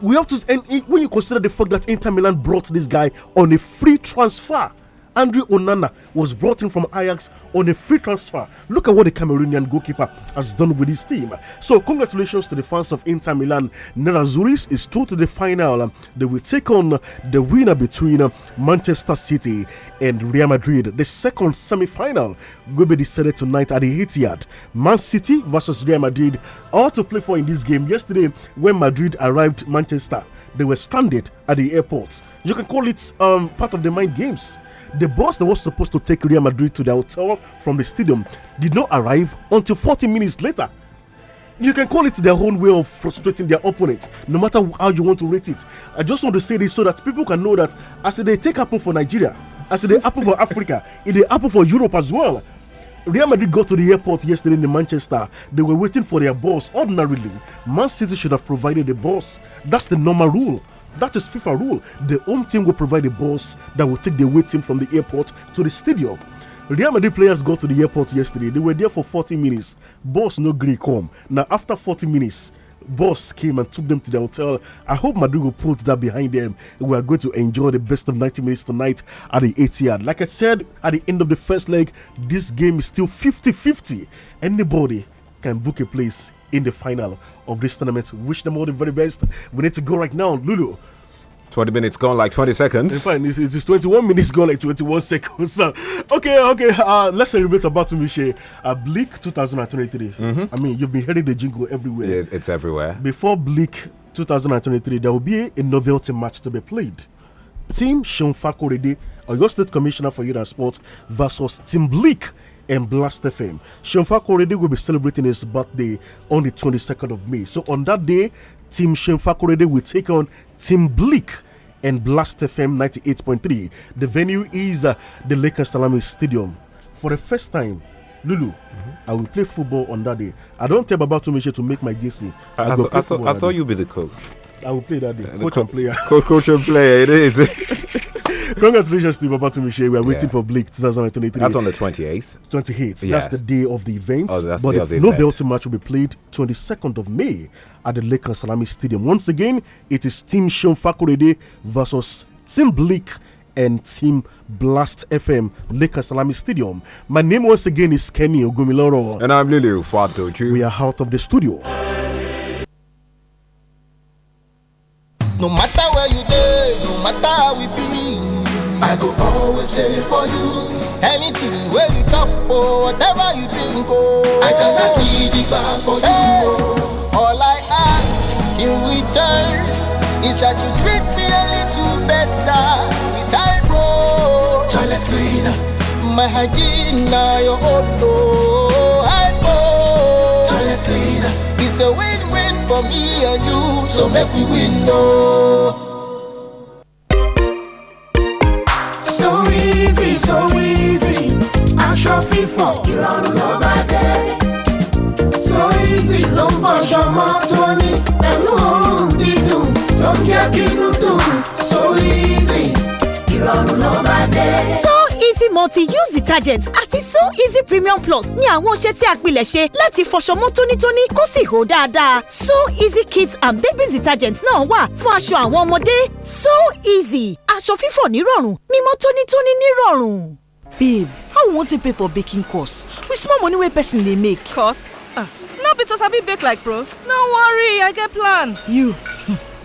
we have to, and when you consider the fact that Inter Milan brought this guy on a free transfer Andrew Onana was brought in from Ajax on a free transfer. Look at what the Cameroonian goalkeeper has done with his team. So, congratulations to the fans of Inter Milan. Nerazzurris is through to the final. They will take on the winner between Manchester City and Real Madrid. The second semi final will be decided tonight at the Etihad. Man City versus Real Madrid all to play for in this game. Yesterday, when Madrid arrived Manchester, they were stranded at the airport. You can call it um, part of the mind games the bus that was supposed to take Real Madrid to their hotel from the stadium did not arrive until 40 minutes later. You can call it their own way of frustrating their opponent, no matter how you want to rate it. I just want to say this so that people can know that as they take happen for Nigeria, as they happen for Africa, it they happen for Europe as well. Real Madrid got to the airport yesterday in Manchester. They were waiting for their bus. Ordinarily, Man City should have provided the bus. That's the normal rule. That is FIFA rule. The home team will provide a bus that will take the away team from the airport to the stadium. Real Madrid players got to the airport yesterday. They were there for 40 minutes. Boss no Greek home. Now, after 40 minutes, boss came and took them to the hotel. I hope Madrid will put that behind them. We are going to enjoy the best of 90 minutes tonight at the ATR. Like I said at the end of the first leg, this game is still 50 50. Anybody can book a place in the final of this tournament. Wish them all the very best. We need to go right now, Lulu. 20 minutes gone like 20 seconds. It's fine, it's, it's 21 minutes gone like 21 <laughs> seconds. So, okay, okay, uh, let's celebrate about Miche. Uh, Bleak 2023. Mm -hmm. I mean, you've been hearing the jingle everywhere. Yeah, it's everywhere. Before Bleak 2023, there will be a novelty match to be played. Team Shunfakorede, Oyo State Commissioner for Youth and Sports versus Team Bleak and Blast FM. Sean will be celebrating his birthday on the 22nd of May. So on that day, Team Sean will take on Team Bleak and Blast FM 98.3. The venue is uh, the Lakers Salami Stadium. For the first time, Lulu, mm -hmm. I will play football on that day. I don't tell Baba Tumiche to make my JC. I, I, I, th I, th I thought you'd be the coach. I will play that day. Uh, coach co and player. Co <laughs> coach and player, it is. <laughs> <laughs> Congratulations to Baba Tumishe. We are yeah. waiting for Blake 2023. That's on the 28th. 28th. Yes. That's the day of the event. Oh, that's but the, the Novel event. match will be played 22nd of May at the Lake Salami Stadium. Once again, it is Team Sean Fakurede versus Team Blake and Team Blast FM, Lake Salami Stadium. My name once again is Kenny Ogumiloro. And I'm Lily Ufatoju. We are out of the studio. No matter where you live, no matter how we be. I go always there for you. Anything where you chop or oh, whatever you drink, oh. I cannot eat it back for hey. you. Oh. All I ask in return is that you treat me a little better with eyebrow. Toilet cleaner. My hygiene now your own, oh. Eyebrow. Toilet cleaner. It's a win-win for me and you. So make we win, oh. so easy aṣọ fífọ̀ ìrọ̀rùn ló bá dé so easy ló ń fọṣọ mọ́ tóní pẹ̀lú òórùn dídùn tó ń jẹ́ kí inú dùn so easy ìrọ̀rùn ló bá dé. So Beauty Multi Use Detergent àti So Easy Premium Plus ní àwọn ọṣẹ tí a pilẹ̀ ṣe láti fọṣọ mọ́ tónítóní kó sì hó dáadáa. So Easy Kids and Baby Detergent náà wà fún aṣọ àwọn ọmọdé. So Easy aṣọ fífọ̀ nírọ̀rùn mímọ́ tónítóní nírọ̀rùn. Babe, how we wan take pay for baking course with small money wey person dey make? Course? Ah, no be to sabi bake like pro. No worry, I get plan. You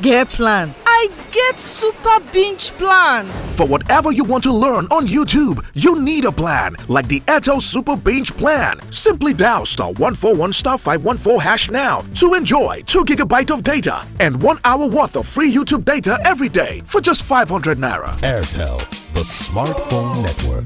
Get plan. I get super binge plan. For whatever you want to learn on YouTube, you need a plan like the Airtel Super Binge plan. Simply dial star 141 star 514 hash now to enjoy 2 gigabyte of data and 1 hour worth of free YouTube data every day for just 500 naira. Airtel, the smartphone network.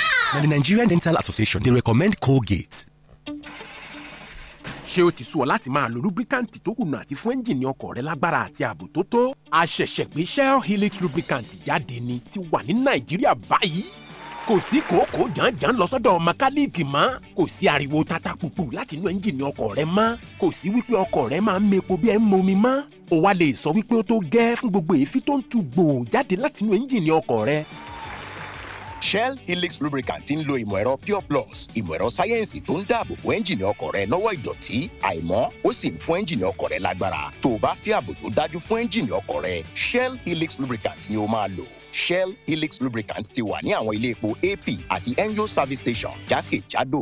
na the Nigerian Dental Association dey recommend Colgate. ṣé o ti sú láti máa lo lubricant tó kùnà àti fún ẹ́ńjìnì ọkọ̀ rẹ lágbára àti ààbò tó tó? a ṣẹ̀ṣẹ̀ gbé Shell Helix lubricant jáde ni ti wà ní Nàìjíríà báyìí kò sí kòókòó jàǹjàǹ lọ sọ́dọ̀ mẹkáníìkì mọ́ kò sí ariwo tata pupu láti inú ẹ́ńjìnì ọkọ̀ rẹ mọ́ kò sí wípé ọkọ̀ rẹ máa ń mepo bí ẹ ń momi mọ́ o wá lè sọ wípé ó tó gẹ́ fún gbogbo èéfín tó ń tu gbòò jáde láti inú ẹ́ńjìnì ọkọ̀ rẹ Shell Helix lubricant ń lo ìmọ̀ ẹ̀rọ Pure Plus ìmọ̀ ẹ̀rọ sáyẹ́ǹsì tó ń dáàbò bo ẹ́ńjìnì ọkọ̀ rẹ lọ́wọ́ ìdọ̀tí àìmọ́ ó sì ń fún ẹ́ńjìnì ọkọ̀ rẹ lágbára tó o bá fẹ́ ààbò tó dájú fún ẹ́ńjìnì ọkọ̀ rẹ Shell Helix lubricant ni o máa lò Shell Helix lubricant ti wà ní àwọn ilé epo AP àti Enyo service station jákèjádò.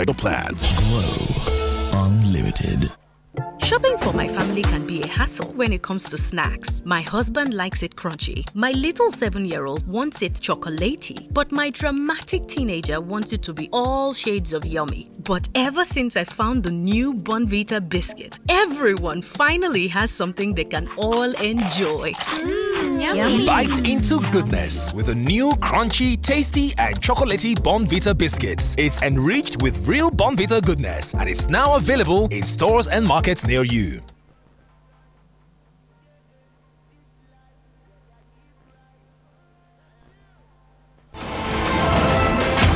mega plans. Unlimited. Shopping for my family can be a hassle when it comes to snacks. My husband likes it crunchy. My little seven year old wants it chocolaty, But my dramatic teenager wants it to be all shades of yummy. But ever since I found the new Bonvita biscuit, everyone finally has something they can all enjoy. Mm. Yummy. Bite into goodness with a new crunchy, tasty, and chocolatey Bonvita biscuits. It's enriched with real Bonvita goodness and it's now available in stores and markets near you.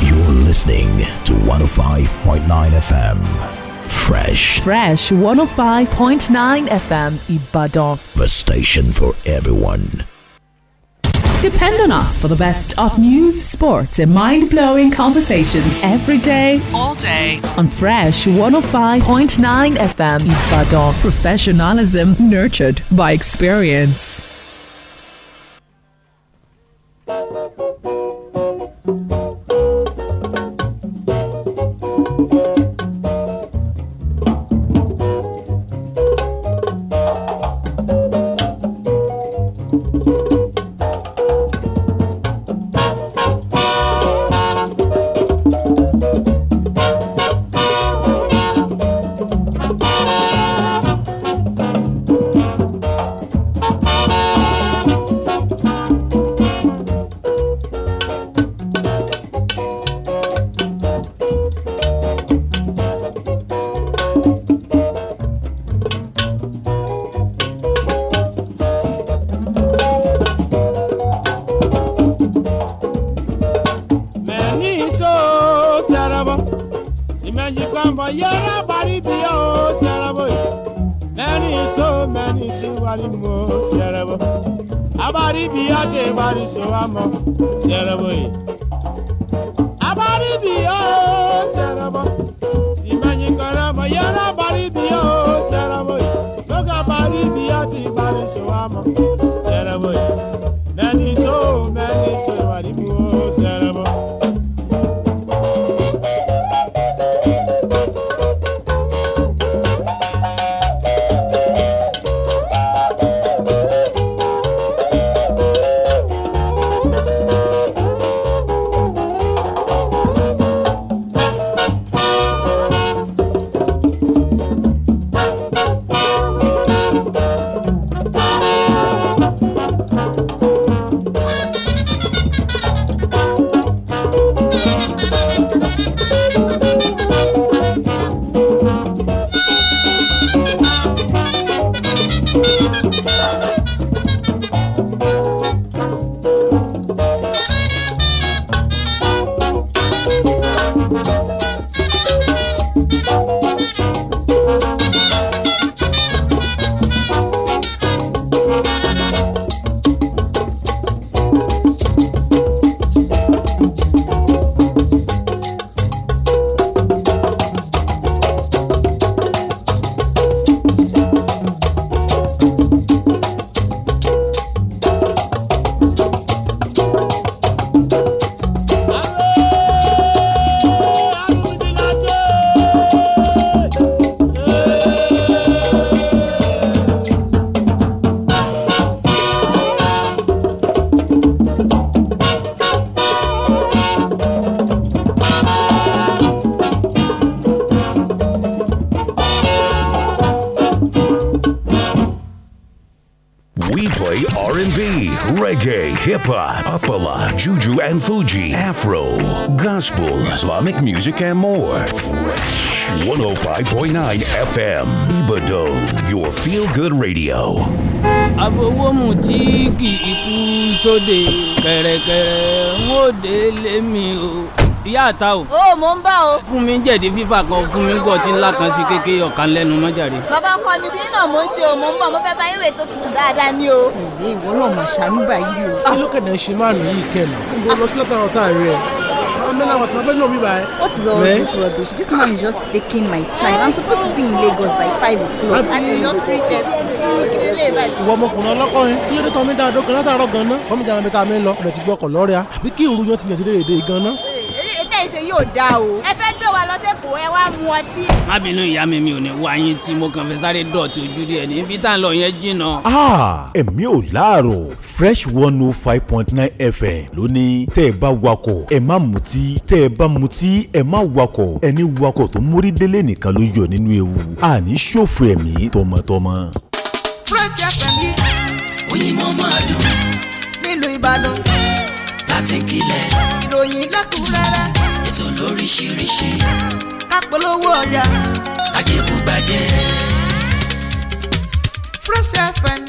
You're listening to 105.9 FM. Fresh. Fresh 105.9 FM Ibadan. The station for everyone. Depend on us for the best of news, sports, and mind blowing conversations every day, all day on Fresh 105.9 FM. Ibadan. Professionalism nurtured by experience. mari mo sɛrɛbo abari biya te bari sowa mo sɛrɛbo yi, e. abari biya o si simanyi kɔrɔ mo yɛrɛ bari biya o yi, ye loka bari biya te bari sowa mo sɛrɛbo yi. E. Hip-hop, Uppala, Juju and Fuji, Afro, Gospel, Islamic music and more. 105.9 FM, Ibado, your feel-good radio. àfọwọ́mù tí kì í kú sóde kẹ̀rẹ̀kẹ̀rẹ̀ ń wò dé lémi o. ìyá àta o. ó mò ń bá o. fún mi jẹ̀dí fífà kan fún mi gbọ́ tí ńlá kan sí kékeré ọ̀kan lẹ́nu mọ́jàre. bàbá ọkọ mi tí náà mò ń ṣe o mò ń bọ̀ mo fẹ́ bá ìwé tó tutù dáadáa ní o ìwọ lọ mà ṣàánú báyìí o. kí ló kẹ̀dẹ̀ ń ṣe márùn-ún yìí kẹ́nà gbogbo lọ sí lọ́tàrọ̀ tá a What is all Man? this rubbish? This man is just taking my time. I'm supposed to be in Lagos by five o'clock, and he's just three thirty. Ìwọ ọmọkùnrin ọlọ́kọ̀rin kí ló dé tọ́ mi dáadọ́ kan gan-an? Kọ́mi jẹ́ àwọn mẹ́ta mi lọ, ọ̀rẹ́ ti gbọ́kọ̀ lọ́rẹ́à. Àbí kí ìrú yóò ti yàn sí léde gan-an? Èdè ìṣe yóò dáa o. Ẹ fẹ́ lọ sẹ́kọ̀ọ́ ẹ wá mu ọtí. má bínú ìyá mi mi ò ní wá yín tí mo kàn fẹ́ sáré dọ̀tí ojú rí ẹ níbi tá à lọ yẹn jìnnà. èmi ò láàárọ̀ fresh one oh five point nine fm lónìí tẹ́ ẹ bá wakọ̀ ẹ má mutí tẹ́ ẹ bá mutí ẹ má wakọ̀ ẹni wakọ̀ tó mórí délé nìkan ló yọ nínú ewu àní ṣòfò ẹ̀mí tọmọtọmọ. fresh fm yìí òyìnbó máa dùn nílùú ìbàdàn láti kílẹ̀ ìròyìn lẹ́kùnrẹ́ lóríṣiríṣi. ká polówó ọjà. ajẹ́kùgbàjẹ́. Fresh FM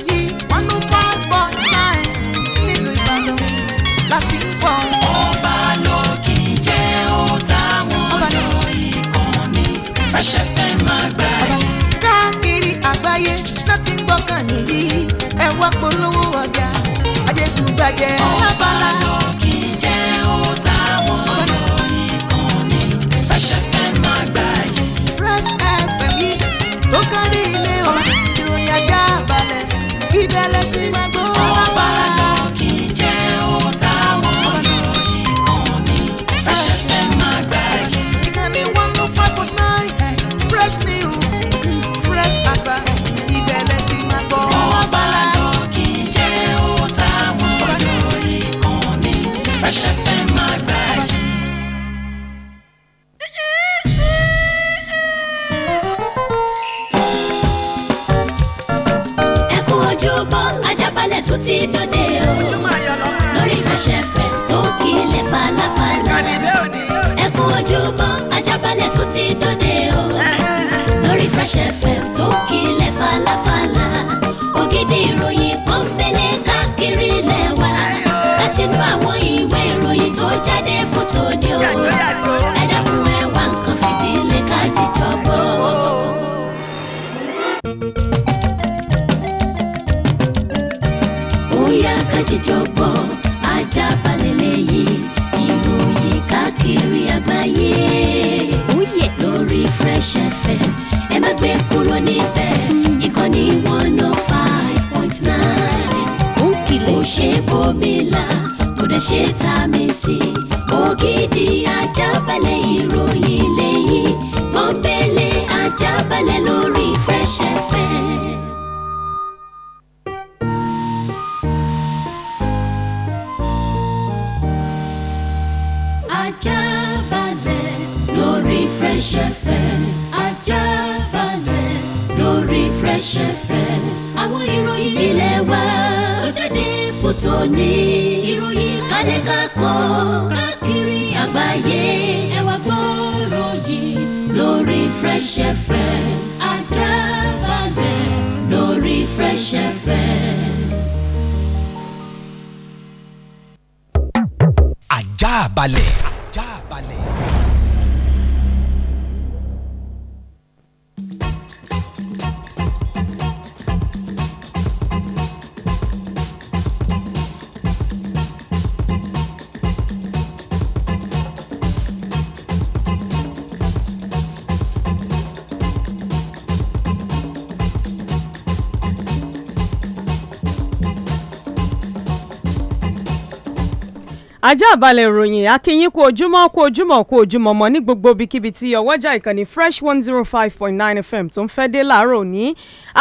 ajá àbálẹ̀ ìròyìn akínyín kú ojúmọ́ kú ojúmọ́ kú ojúmọ́ mọ́ ní gbogbo ibikíbi tí ọwọ́jà ìkànnì fresh one zero oh five point nine fm tó ń fẹ́ dé láàárọ̀ òní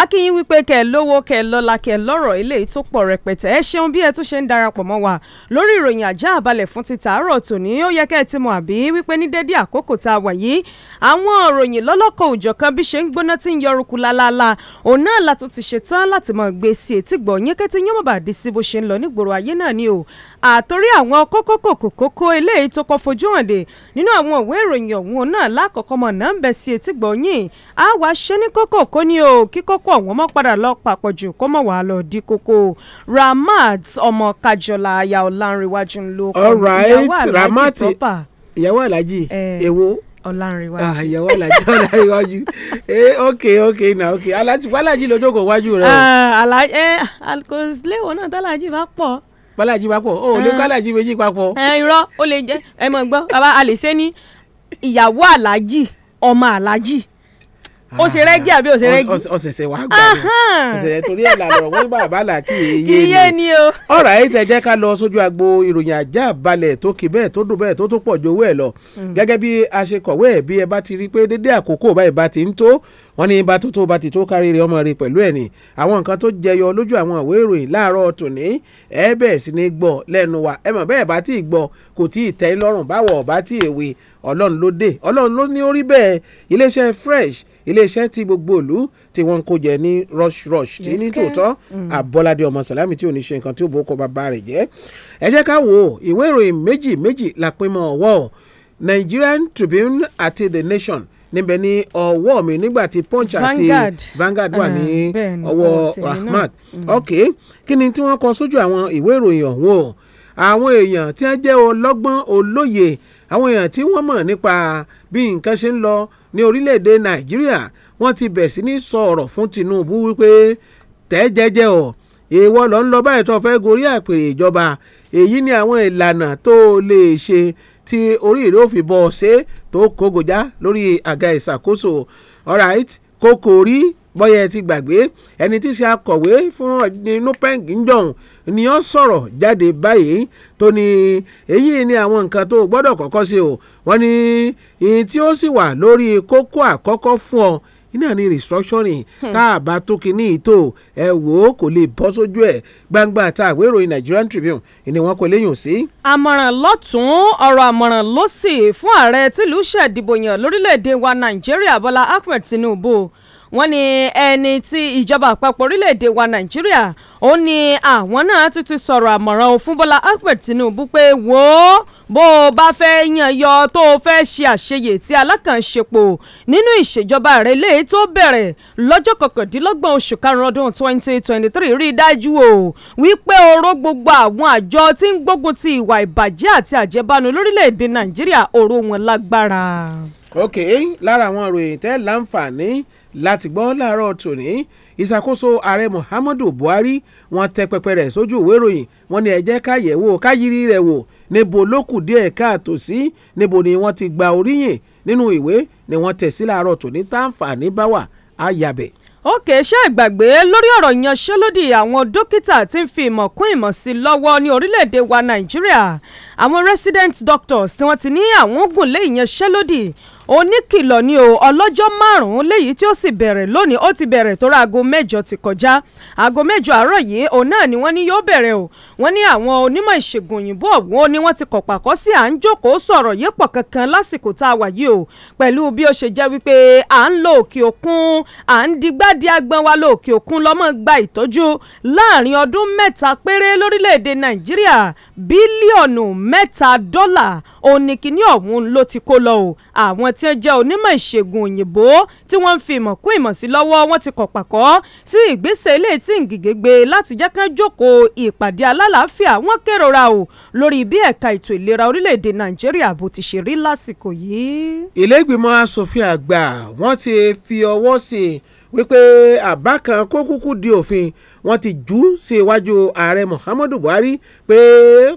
akínyín wípé kẹ́ ẹ lówó kẹ́ ẹ lọ́lá kẹ́ ẹ lọ́rọ̀ eléyìí tó pọ̀ rẹpẹtẹ ẹ ṣeun bí ẹ tún ṣe ń darapọ̀ mọ́ wa lórí ìròyìn ajá àbálẹ̀ fún ti tàárọ̀ tòní ó yẹ kẹ́ ẹ ti mọ̀ àbí wípé ní dédé àkókò tá a wà yìí àwọn ìròyìn lọ́lọ́kọ̀ òjọ̀kan bí ṣe ń gbóná tí ń yọrùkú lálálá òun náà la tún ti ṣetán láti mọ̀ gbé sí etí gbọ̀ yín kẹ́tí yín dé sí bó ṣe ń lọ nígboro ayé náà ni o àtòrí àwọn kókó kòkó eléyìí tó kọ́ fojú hàn dé nínú àwọn ìwé ìròyìn ọ̀hún náà lákọ̀ọ́kọ́ mọ̀ náà ń bẹ̀ sí etí gbọ̀nyìn á wá ṣe ní kókó kó ní o kí kókó ọ̀hún mọ́ padà lọ papọ̀ jù kó mọ̀ wá lọ di kókó Ramat ọmọ Kájọlá aya Ọlánrewájú ń lo ìyàwó alájì èwo ọ̀làǹrẹ̀wájú. ah ìyàwó alájí <laughs> eh, ok ok na ok alájí alájí lójókòó wájú rẹ o. Ah, alájí ẹ eh, kò léwu náà tálájí bá pọ̀. Balaji papọ̀ o ò lè kálàjì ah. méjì papọ̀. ẹ eh, irọ́ ó lè jẹ́ ẹ mọ̀ gbọ́ bàbá a lè ṣe ní ìyàwó aláàjì ọmọ aláàjì ó ṣe ah. rẹ́gí àbí ó ṣe rẹ́gí. ọ̀sẹ̀sẹ̀ wàá gbà mí ọ̀sẹ̀sẹ̀ torí ẹ̀ là lọ̀rọ̀ wọ́n bàbá là kí iye ni. iye ni o. ọ̀rọ̀ ayé tẹ jẹ́ ká lọ sójú agbo ìròyìn ajá balẹ̀ tó kì bẹ́ẹ̀ tó dùn bẹ́ẹ̀ tó tó pọ̀ ju owó ẹ̀ lọ. Mm. gẹ́gẹ́ bí a ṣe kọ̀wé ẹ̀ bí ẹ bá ti rí pé dédé àkókò báyìí bá ti ń tó wọ́n ní bá tótó bá ti tó kárí rẹ̀ ọmọ rẹ̀ pẹ̀lú ẹ̀ ní àwọn nǹkan tó jẹyọ lójú àwọn ìwé ìròyìn láàárọ̀ tòní ẹ bẹ́ẹ̀ sì ni gbọ́ lẹ́nu wa ẹ mọ̀ bẹ́ẹ̀ bá tí ì gbọ́ kò tí ì tẹ́ lọ́rùn báwọ̀ bá tí ì èwe ọlọ́run ló dé ọlọ́run ló ní orí bẹ́ẹ̀ iléeṣẹ́ fresh iléeṣẹ́ tí gbogbo ìlú tí wọ́n ń kó jẹ ní rush rush tí ní tòótọ́ àbọ́ládé mm. ọmọ sàlámì tí ò ní ṣe nǹkan tí ó bò ó kọ bàbá rẹ̀ jẹ́ ẹ jẹ́ ká wo ìwé ìròyìn méjì méjì la pín mọ́ ọwọ́ Nigerian Tribune àti The Nation níbẹ̀ ní ọwọ́ mi nígbà tí punch àti Vanguard wà ní ah, ọwọ́ Rahmat mm. ok kí ni tí wọ́n kọ sójú àwọn ìwé ìròyìn ọ̀hún o àwọn èèyàn tí wọ́n jẹ́ ọlọ́gbọ́n olóye àwọn èèyàn tí wọ́n mọ̀ nípa bí nǹkan ṣe ń lọ ní orílẹ̀-èdè Nàìjíríà wọ́n ti bẹ̀ sí ní sọ ọ̀rọ̀ fún Tinubu wípé tẹ́ jẹ́jẹ́ o èèwọ̀ lọ ń lọ báyìí tó fẹ́ gorí àpèrè ìjọba èyí ni àwọn ìlànà tó lè ṣe tí orí rẹ̀ ó fi bọ́ ọ tó kógojá lórí àga ìṣàkóso alright kókò rí bọ́yẹ ti gbàgbé ẹni tí ṣe akọ̀wé fún nupeng njọ̀hún ni ó sọ̀rọ̀ jáde báyìí tó ní èyí ni àwọn nǹkan tó gbọ́dọ̀ kọ́kọ́ ṣe o wọ́n ní èyí tí ó sì wà lórí kókó àkọ́kọ́ fún ọ iná ni restructuring hmm. tá a bá tó kíní ìtò ẹ wò ó kò lè bọ́ sójú ẹ̀ gbangba tá àwé ìròyìn Nigerian Tribune ìní wọn kò léyìn sí. àmọ̀ràn lọ́tún ọ̀rọ̀ àmọ̀ràn ló sì fún ààrẹ tìlú ṣèdìbò lórílẹ̀‐èdè wa Nàìjíríà Bọ́lá Ahmed Tinubu wọ́n ní ẹni tí ìjọba àpapọ̀ orílẹ̀‐èdè wa Nàìjíríà ó ní àwọn náà ti ti sọ̀rọ̀ àmọ̀ràn fún Bọ́lá Ahmed Tinubu pé wò bó o bá fẹ́ yan yọ tó o fẹ́ ṣe àṣeyè tí alákànṣepọ̀ nínú ìṣèjọba rẹ̀ léyìí tó bẹ̀rẹ̀ lọ́jọ́ kọkàndínlọ́gbọ̀n oṣù karùn-ún ọdún twenty twenty three rí i dájú o wípé oró gbogbo àwọn àjọ tí ń gbógun ti ìwà ìbàjẹ́ àti àjẹbánu lórílẹ̀‐èdè nàìjíríà oró wọn lágbára. ok lára àwọn ìròyìn tẹ́ láǹfààní láti gbọ́ láàárọ̀ tòní ìṣàkóso ààrẹ muhammadu buhari wọ́n tẹ pẹpẹ rẹ̀ sójú ìwé ìròyìn wọ́n ní ẹ jẹ́ káyẹ̀wò káyìírí rẹ̀ wò níbo ló kù díẹ̀ káàtó sí níbo ni wọ́n ti gba oríyìn nínú ìwé ni wọ́n tẹ̀ sí láàárọ̀ tòní táǹfààní bá wà á yàbẹ̀ òkè ṣe ìgbàgbé lórí ọ̀rọ̀ ìyanṣẹ́lódì àwọn dókítà tí ń fi ìmọ̀ kún ìmọ̀ sí lọ́wọ́ ní orílẹ̀-èdè wa nàìjíríà àwọn resident doctors tí wọ́n ti ní àwọn gùn lé ìyanṣẹ́lódì oníkìlọ̀ ni o ọlọ́jọ́ márùn-ún léyìí tí ó sì bẹ̀rẹ̀ lónìí ó ti bẹ̀rẹ̀ tó ra aago mẹ́jọ ti kọjá aago mẹ́jọ àárọ̀ yìí òun náà ni wọ́n ní yóò bẹ̀rẹ̀ o wọ́n ní àwọn onímọ̀ ìṣègùn òyìnbó ọ̀hún ó ní wọ́n ti kọ̀pà kọ́ sí à ń jókòó sọ̀rọ̀ yìí pọ̀ kankan lásìkò tá a wà yìí o pẹ̀lú bí ó ṣe jẹ́ wípé à ń lo òkè òkun à ń digbádìí agbọ́n wa lo òkè òkun lọ́mọ gba ìtọ́jú láàrin ọdún mẹ́ta péré lórílẹ̀‐èdè nàìjíríà bílíọ̀nù mẹ́ta dọ́là òun ni kinní ọ̀hún ló ti kó lọ o àwọn tí wọ́n jẹ́ onímọ̀ ìṣègùn òyìnbó tí wọ́n ń fi ìmọ̀ kún ìmọ̀ sí lọ́wọ́ wọ́n ti kọ̀ pàkọ́ sí ìgbésẹ̀ ilé tí Ngige gbé láti jẹ́ kán jókòó ìpàdé alálàáfíà wọ́n kérora o lórí bí ẹ̀ka ètò ìlera orílẹ̀-èdè Nàìjíríà bó ti ṣe rí lásìkò yìí. ilé asòfin àgbà wọ́n ti fi ọwọ́ sí i wípé àbá kan kó kúkú di òfin wọ́n ti jù ú sí iwájú ààrẹ Muhammadu Buhari pé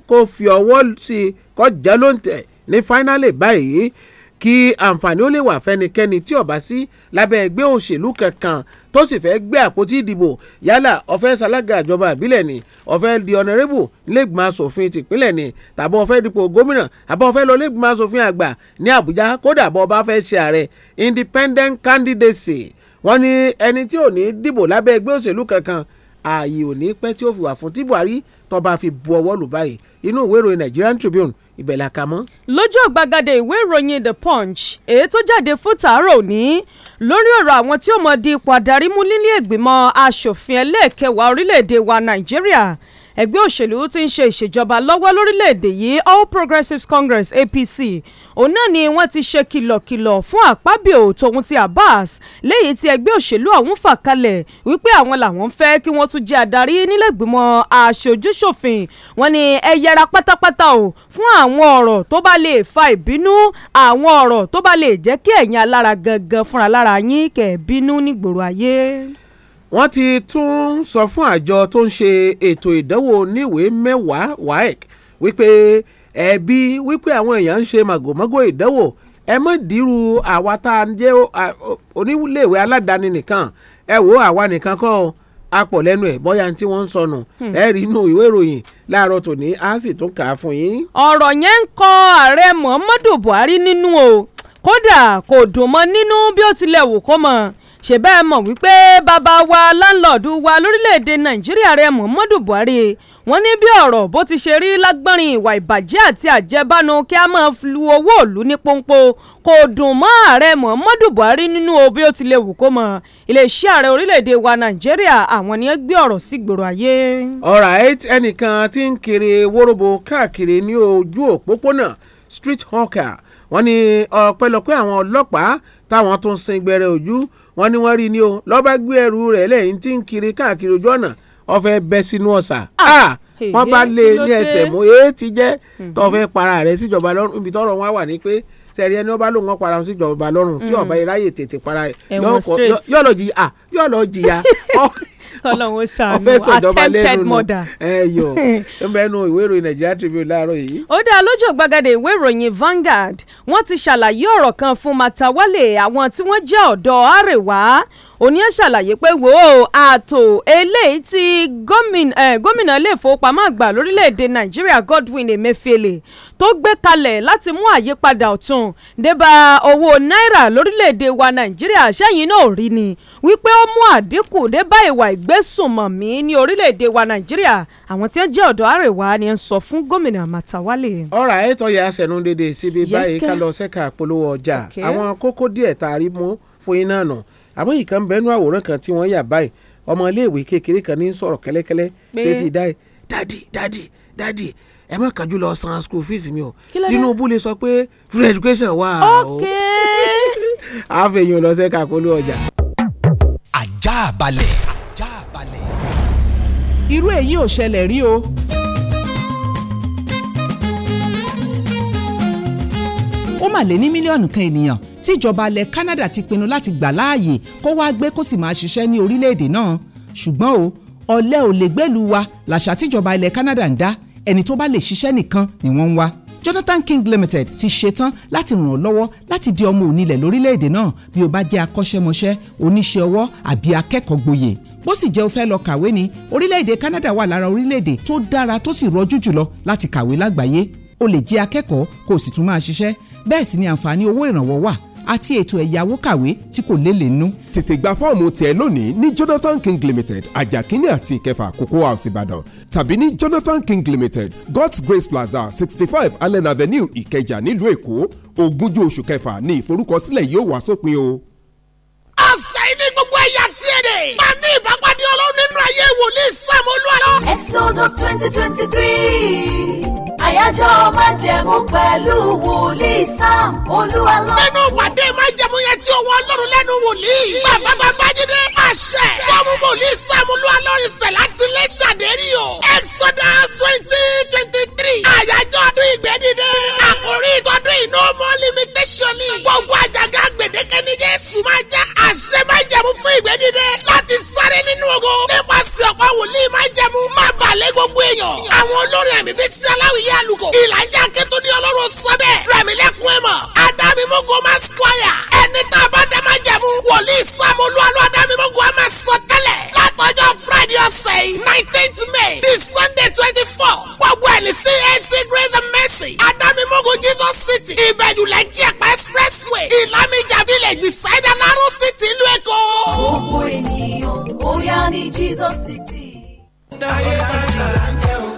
kó fi ọwọ́ sí i kọjá ló ní fáínálì báyìí kí àǹfààní ó lè wà fẹ́nikẹ́ni tí ó bá sí lábẹ́ ẹgbẹ́ òṣèlú kankan tó sì fẹ́ gbé àpótí ìdìbò yálà ó fẹ́ ṣalága ìjọba ìbílẹ̀ ni ó fẹ́ di ọ̀nàrẹ́bù lẹ́gbìmọ̀ asòfin tìpínlẹ̀ ni tàbí ó fẹ́ dipò gómìnà àbí ó lọ lẹ́gbìmọ̀ asòfin àgbà ní Àbújá kódà bó bá fẹ́ ṣe ààrẹ independent candidacy wọ́n ní ẹni tí ò ní dìbò lábẹ́ ẹgbẹ́ òṣèlú kankan ààyè ò ní pẹ́ tí ó fi wà fún tí Buhari tó fi bu ọwọ́ lù báyìí inú ìwé ìròyìn Nigerian Tribune ibẹ̀ la kà mọ́. lójú ọ̀gbagadè ìwé ìròyìn the punch èyí tó jáde fún tàárọ̀ òní lórí ọ̀rọ̀ àwọn tí ó mọ̀ di ipò adarí nílé ìgbìmọ̀ asòfin ẹlẹ́ẹ̀kẹwàá orílẹ̀-èdè wa nàìjíríà ẹgbẹ́ òṣèlú tí ń ṣe ìṣèjọba lọ́wọ́ lórílẹ̀‐èdè yìí All Progressives Congress APC òun náà ni wọ́n ti ṣe kìlọ̀kìlọ̀ fún Akpabio tòun ti Abbas léyìí tí ẹgbẹ́ òṣèlú ọ̀hún fà kalẹ̀ wípé àwọn làwọn fẹ́ kí wọ́n tún jẹ́ adarí nílẹ̀gbìmọ̀ aṣojúṣòfin wọ́n ní ẹ yẹra pátápátá o fún àwọn ọ̀rọ̀ tó bá lè fa ìbínú àwọn ọ̀rọ̀ tó bá lè jẹ́ kí ẹ̀yin alára gangan fúnra lára yín kẹ̀ bínú nígboro ayé wọ́n ti tún sọ fún àjọ tó ń ṣe ètò ìdánwò níwèé mẹ́wàá waec wípé ẹ̀bi wípé àwọn èèyàn ń ṣe màgòmágó ìdánwò ẹ mọ̀ dírú àwa tá a jẹ́ oníléèwé aládàáni nìkan ẹ wo àwa nìkan kọ́ ọ apọ̀ lẹ́nu ẹ̀ bóyá tí wọ́n ń sọnù hmm. ẹ rí inú ìwé ìròyìn láàárọ̀ tòní a sì tún kà á fún yín. ọ̀rọ̀ yẹn ń kọ ààrẹ Muhammadu Buhari nínú o kódà kò dùn mọ́ nínú bí ó tilẹ̀ wù kó mọ́ ṣèbẹ́ ẹ mọ̀ wípé bàbá wa láńlọ́ọ̀dù wa lórílẹ̀‐èdè nàìjíríà rẹ̀ muhammadu buhari wọ́n ní bí ọ̀rọ̀ bó ti ṣe rí lágbọ́nrin ìwà ìbàjẹ́ àti àjẹbánu kí a máa lu owó òlu ní pọ́npọ́ kò dùn mọ́ ààrẹ muhammadu buhari nínú o bí ó ti lè wù kó mọ̀ iléeṣẹ́ ààrẹ orílẹ̀‐èdè wa nàìjíríà àwọn ni ẹ gbé ọ̀rọ̀ sí gbòòrò ayé. alright ẹnìkan tí ń kiri wórobo káàkiri ní ojú òpópónà street hawker wọ́n ní ọpẹ́lọpẹ́ àwọn ọlọ́pàá táwọn tó ń sin gbẹrẹ ojú wọ́n ní wọ́n rí ni o lọ́ba gbé ẹrù rẹ̀ lẹ́yìn tí ń kiri káàkiri ojú ọ̀nà ọ̀fẹ́ bẹ́ sínú ọ̀sà ah! Ah! wọ́n bá lé e ní ẹsẹ̀ mú èé ti jẹ́ mm-hmm. tọ́fẹ́ para rẹ̀ síjọba lọ́rùn ibi tọ́rọ̀ wọn wà ní pé sẹ́rí ẹni wọ́n bá lòun mm-hmm. wọn para wọn síjọba lọ́rùn tí ọ̀bá iráyè tètè para yọ̀ọ́ lọ jìyà ah! <laughs> ọlọ́run ṣàánú attempted murder. ẹ yọ ẹ mẹ́nu ìwé ìròyìn Nigeria Tribune láàárọ̀ yìí. ó dá lójú ògbàgàdé ìwé ìròyìn Vanguard wọ́n ti ṣàlàyé ọ̀rọ̀ kan fún Matawale àwọn tí wọ́n jẹ́ ọ̀dọ́ Àrèwá oníyẹn ṣàlàyé pé wò ó ààtò eléyìí tí gómìnà ilé ìfowópamọ́ àgbà lórílẹ̀‐èdè nàìjíríà Godwin Emefiele tó gbé kalẹ̀ láti mú àyípadà ọ̀tun débà owó náírà lórílẹ̀‐èdè wa nàìjíríà sẹ́yìn náà rí ni wípé ó mú àdínkù débà ìwà ìgbésùnmọ̀mí ní orílẹ̀‐èdè wa nàìjíríà àwọn tí ó jẹ́ ọ̀dọ́ àrèwá ni ń sọ fún gómìnà Matawalle. ọ̀rọ̀ àyètọ́ yà á dédé síbi báyìí ká lọ sẹ́ka polówó ọjà àwọn kókó díẹ̀ tààrí mú fún iná nù àmọ́ ìkan bẹ́nu àwòrán kan tí wọ́n yà báyìí ọmọ iléèwé kékeré kan ní sọ̀rọ̀ kẹ́lẹ́kẹ́lẹ́ ṣé ti dá dádì dádì dádì ẹ má kánjú lọ san school fees mi o Tinubu lè sọ pé free education wà o àfẹ̀yìn <laughs> lọ sẹ́ka polú ọjà. ajá balẹ̀. irú èyí ò ṣẹlẹ̀ rí o. ó mà lé ní mílíọ̀nù kan ènìyàn tí ìjọba ilẹ̀ Canada ti pinnu láti gbà láàyè kó wá gbé kó sì máa ṣiṣẹ́ ní orílẹ̀-èdè náà ṣùgbọ́n o ọ̀lẹ ò lè gbẹ́lu wa làṣà tíjọba ilẹ̀ Canada ń dá ẹni tó bá lè ṣiṣẹ́ nìkan ni wọ́n ń wá Jonathan King Limited ti ṣetán láti ràn ọ́ lọ́wọ́ láti di ọmọ onílẹ̀ lórílẹ̀‐èdè náà bí o bá jẹ́ akọ́ṣẹ́mọṣẹ́ oníṣẹ́ ọwọ́ àbí akẹ́kọ̀ọ́ gboyè bó sì jẹ́ o fẹ́ lọ kàwé ní orílẹ̀‐èdè Canada wà lára orílẹ̀‐èdè tó dára tó sì rọjú jùlọ láti kàwé lágbàáyé o lè jẹ́ akẹ́kọ̀ọ́ kó o sì tún máa ṣiṣẹ́ bẹ́ẹ̀ sì ni àǹfààní owó ìrànwọ́ wà àti ètò ẹ̀yáwó kàwé tí kò lélẹ̀ nú. tètè gba fọ́ọ̀mù tiẹ̀ lónìí ní Jonathan King Limited ajakini àti ìkẹfà Cocoa House Ìbàdàn tàbí ní Jonathan King Limited God's Grace Plaza sixty five Allen Avenue Ìkẹjà nílùú Èkó ogúnjọ́ oṣù kẹfà ni ìforúkọsílẹ̀ yóò wá sópin o. àṣà ìní gbogbo ẹ̀yà tiẹ̀ dẹ̀. máa ní ìbápadé Ọlọ́run nínú ayé wòlíì Sam Olúwa Exodus twenty twenty three àyájọ́ májẹ̀mú pẹ̀lú wòlíì sam olúwa lọ. nínú ìpàdé májẹ̀mú yẹn tí òun ọlọ́run lẹ́nu wòlíì. bàbá bàbá jíde àṣẹ. fọ́ọ̀mù wòlíì sam olúwa lọ́rin sẹ̀ láti lè ṣàdérí o. exodus twenty twenty three. àyájọ́ ọdún ìgbẹ́dídé. àkórí ìtọ́dún ìnú ọmọ limitation ni. gbogbo àjàgà gbèdéke ní jésù máa já. àṣẹ májẹ̀mú fún ìgbẹ́dídé. láti sáré nínú ogo. nípasẹ̀ ọ̀pá wòlíì májẹ̀mú máa lé gbogbo èèyàn. àwọn olórin ẹ̀mí bíi sísáláwì yé àlùkò. ìlàjà kẹ́tọ́ ní ọlọ́run sọ́bẹ̀. rẹ̀mílẹ́kùn ẹ̀mọ̀. adámímọ́gò máa squire. ẹni tá a bá dá máa jẹ̀mú. sàmúlò alọ́ adámímọ́gò á máa sọ tẹ́lẹ̀. látọjọ́ friday ọ̀sẹ̀ yìí nineteenth may di sunday twenty four. gbogbo ẹni cac grace mercy. adámímọ́gò jesus city. ìbẹ̀jù lẹ́kí ẹ̀pẹ́ expressway. ìlàmìjà village beside anaro city ìlú èkó. gbogbo ènìyàn ó ní jesus city. not bien,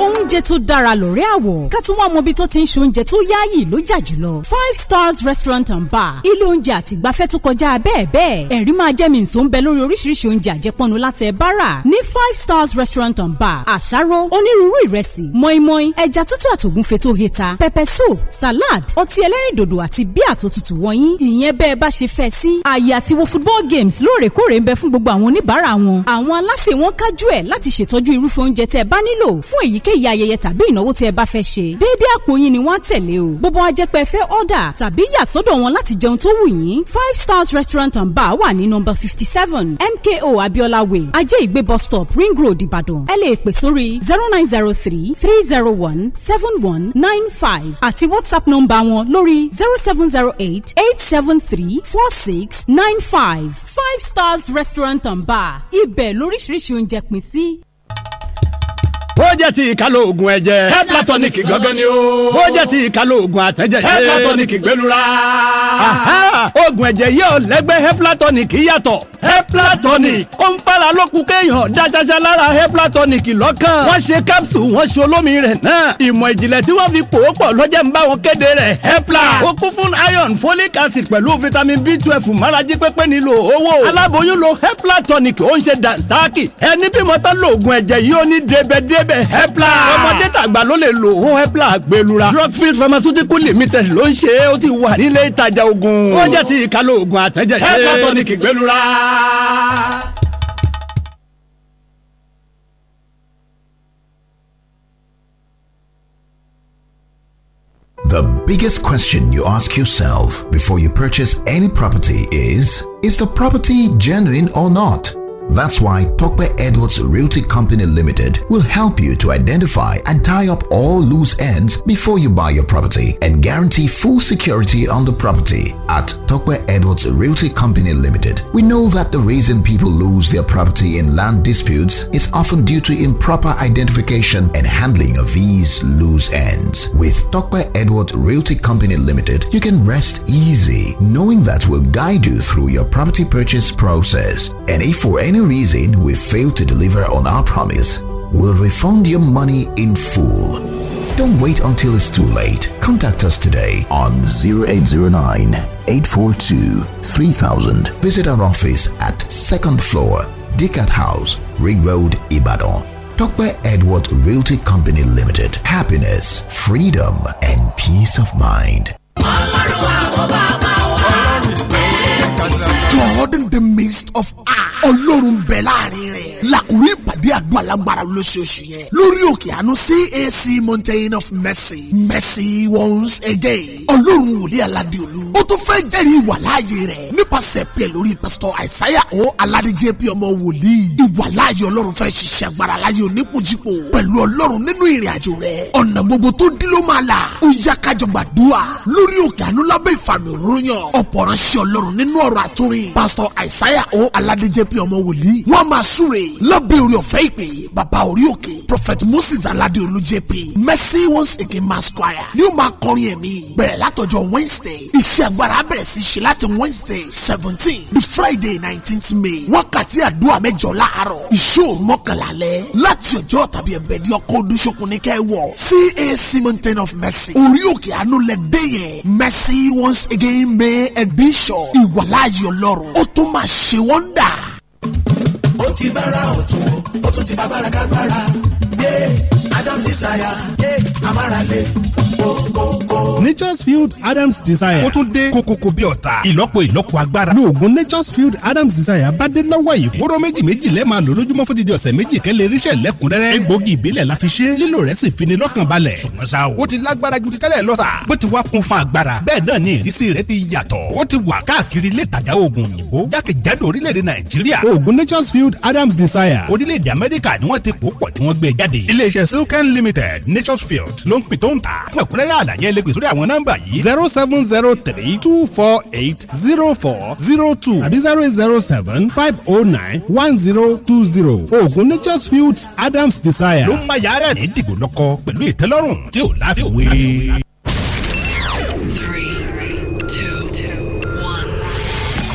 oúnjẹ tó dára lórí àwọ̀ ká tún wá mọbi tó ti ń ṣe oúnjẹ tó yáàyè ló jà jùlọ five stars restaurant and bar ilé oúnjẹ àtìgbafẹ́ tó kọjá bẹ́ẹ̀ bẹ́ẹ̀ ẹ̀rí máa jẹ́ mi nsò ń bẹ lórí oríṣiríṣi oúnjẹ àjẹpọnu látẹ̀ bára ní five stars restaurant and bar àṣàrò onírúurú ìrẹsì mọ́ínmọ́ín ẹja tútù àtògúnfe tó heta pepper soup salad ọtí ẹlẹ́rìndòdò àti bíà tó tutù wọ̀nyí ìyẹn bẹ́ẹ̀ bá ṣe fẹ́ sí àyè àti wo football games lóòrèkóòrè ń bẹ fún gbogbo àwọn oníbàárà wọn àwọn aláṣẹ wọn kájú ẹ̀ láti ṣètọ́jú irúfẹ́ oúnjẹ oúnjẹ tẹ́ ẹ bá nílò fún èyíkéyìí ayẹyẹ tàbí ìnáwó tẹ́ ẹ bá fẹ́ ṣe déédéé àpò yín ni wọ́n á tẹ̀lé o bó bá wá jẹ́ tàbí yà sọ́dọ̀ wọn láti jẹun tó wù yín five stars restaurant and bar wà ní number fifty seven mko abiola way ajé ìgbé bus stop ring road ìbàdàn ẹ lè pè sórí zero nine zero three three zero one seven one nine five àti whatsapp number wọn lórí zero seven zero eight eight seven three four six nine five five stars restaurant and bar ibẹ̀ lóríṣiríṣi oúnjẹ pín sí ó jẹ́ ti ìkálóògùn ẹ̀jẹ̀. head platonic gangan ni o. ó jẹ́ ti ìkálóògùn àtẹ̀jẹ̀ṣe. head gbẹlura. oògùn ẹ̀jẹ̀ yóò lẹ́gbẹ́ head yàtọ̀ heplatonic ó ń fara lókun kéèyàn dájájá lára heplatonic lọ́kàn wọ́n ṣe capsule wọ́n ṣe olómi rẹ̀ náà ìmọ̀ ìjìnlẹ̀ tí wọ́n fi pò pọ̀ lọ́jẹ́ ń bá wọn kéde rẹ̀ hepla ó kún fún iron folic acid pẹ̀lú vitamin b twelve márajì pépé nílò owó aláboyún lo heplatonic ó ń ṣe dànsáàkì ẹni bímọ tán lóògùn ẹ̀jẹ̀ yìí ó ní débẹ̀débẹ̀ hepla ọmọdé tàgbà ló lè lò ó hepla gbẹlura drugfield pharmaceutical limited ló ń ṣe é ó ti wà nílé ìtajà oògùn ó jẹ́ ti ìkàlò oògùn àtẹ̀jẹ̀ ṣe heplatonic gbẹlura. The biggest question you ask yourself before you purchase any property is Is the property genuine or not? That's why Tokwe Edwards Realty Company Limited will help you to identify and tie up all loose ends before you buy your property and guarantee full security on the property. At Tokwe Edwards Realty Company Limited, we know that the reason people lose their property in land disputes is often due to improper identification and handling of these loose ends. With Tokwe Edwards Realty Company Limited, you can rest easy knowing that we'll guide you through your property purchase process. And if for any reason we failed to deliver on our promise, we'll refund your money in full. Don't wait until it's too late. Contact us today on 0809 842 3000. Visit our office at second floor, Dickard House, Ring Road, Ibadan. Talk by Edward Realty Company Limited. Happiness, freedom, and peace of mind. east of a ọlọ́run bẹ̀ láàrin rẹ̀ làkúrú ìpàdé àdúrà lágbára lóṣooṣù yẹn lórí òkè àánú CAC mountain of mercy mercy once again ọlọ́run wòlíì aládéolú ó tún fẹ́ jẹ́rìí ìwàláàyè rẹ̀ nípasẹ̀ pẹ̀ lórí pásítọ̀ àìsáyà ó aládéjé bí ọmọ wòlíì ìwàláàyè ọlọ́run fẹ́ ṣiṣẹ́ agbára láyé onípojípo pẹ̀lú ọlọ́run nínú ìrìn àjò rẹ̀ ọ̀nà gbogbo tó dín ló máa là ó yá kájọ gbàdúrà lórí òkè àánú lábẹ́ ìfàmì òróyàn ọ̀pọ̀ ránṣẹ́ ọlọ́run nínú ọ̀rọ̀ àtúrin pásítọ̀ àìsáyà o aládéjẹ́ pé ọmọ wòlíì wọ́n máa súre lọ́bẹ̀ orí ọ̀fẹ́ ìpè bàbá orí òkè prophet moses aládé olú jp mercy once again mass choir ni ó máa kọrin ẹ̀mí bẹ̀rẹ̀ látọjọ́ wednesday iṣẹ́ agbára bẹ̀rẹ̀ sí ṣe láti wednesday seventeen the friday nineteenth may wákàtí àdúrà mẹ́jọ láàárọ̀ ìṣòro mọ́kànlá lẹ́ láti ọjọ́ tàbí ẹ̀bẹ̀dì ọkọ̀ odúṣokùn ní kẹ́wọ̀ cac mountain of mercy orí òkè àánú lẹ dé yẹn mercy once again may edition ìwàláyé ọlọ́run ó tún máa ṣe ṣe wọ́ndà. ó ti bára ọ̀tún ó tún ti fagbára kágbára yé adams desire yé amárale ó ó nature's field adams desire. ó tún dé kókókó bí ọ̀tá ìlọ́po ìlọ́po agbára. ní oògùn nature's field adams desire bá dé lọ́wọ́ yìí. wóró méjì méjì lẹ́ẹ̀ máa lò lójúmọ́ fún dídí ọ̀sẹ̀ méjì kẹ́lẹ́ ríṣẹ́ lẹ́kùnrẹ́rẹ́. egbògi ìbílẹ̀ la fi ṣe lílò rẹ̀ sì fi ni lọ́kàn balẹ̀. ṣùgbọ́n ṣá o ó ti lágbára ju ti tẹ́lẹ̀ lọ bó ti wá kún fún agbára bẹ́ẹ̀ náà ni ìrísí rẹ̀ ti yàtọ̀. ó ti wà káàkiri ilé ìtajà oògùn òyìnbó jákèjádò orílẹ̀-èdè nàìjíríà. oògùn nature's field adams desire. orílẹ̀-èdè amẹ́ríkà ni wọ́n ti pò pọ̀ tí wọ́n gbé e jáde. iléeṣẹ́ limited nature's field ló ń pin tó ń ta. fún ẹ̀kúnrẹ́rẹ́ àlàyé àwọn nọ́mbà yìí zero seven zero three two four eight zero four zero two àbí zero eight zero seven five oh nine one zero two zero oògùn nature's fields adams desire ló ń bá yàrá ní dìgbò lọ́kọ́ pẹ̀lú ìtẹ́lọ́rùn tí ò láfiwé.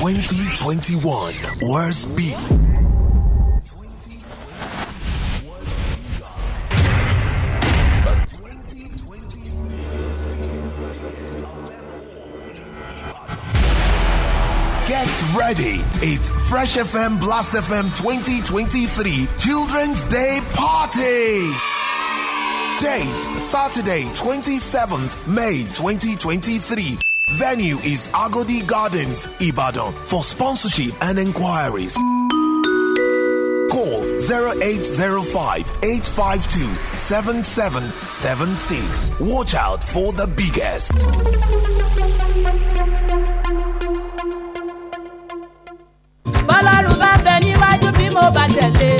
Twenty twenty one, worst beat. Get ready. It's Fresh FM Blast FM 2023 Children's Day Party. Date Saturday, 27th May 2023. Venue is Agodi Gardens, Ibadan. For sponsorship and inquiries, call 0805 852 7776. Watch out for the biggest. ọlọ́run bá bẹ níwájú bí mo bá tẹ̀lé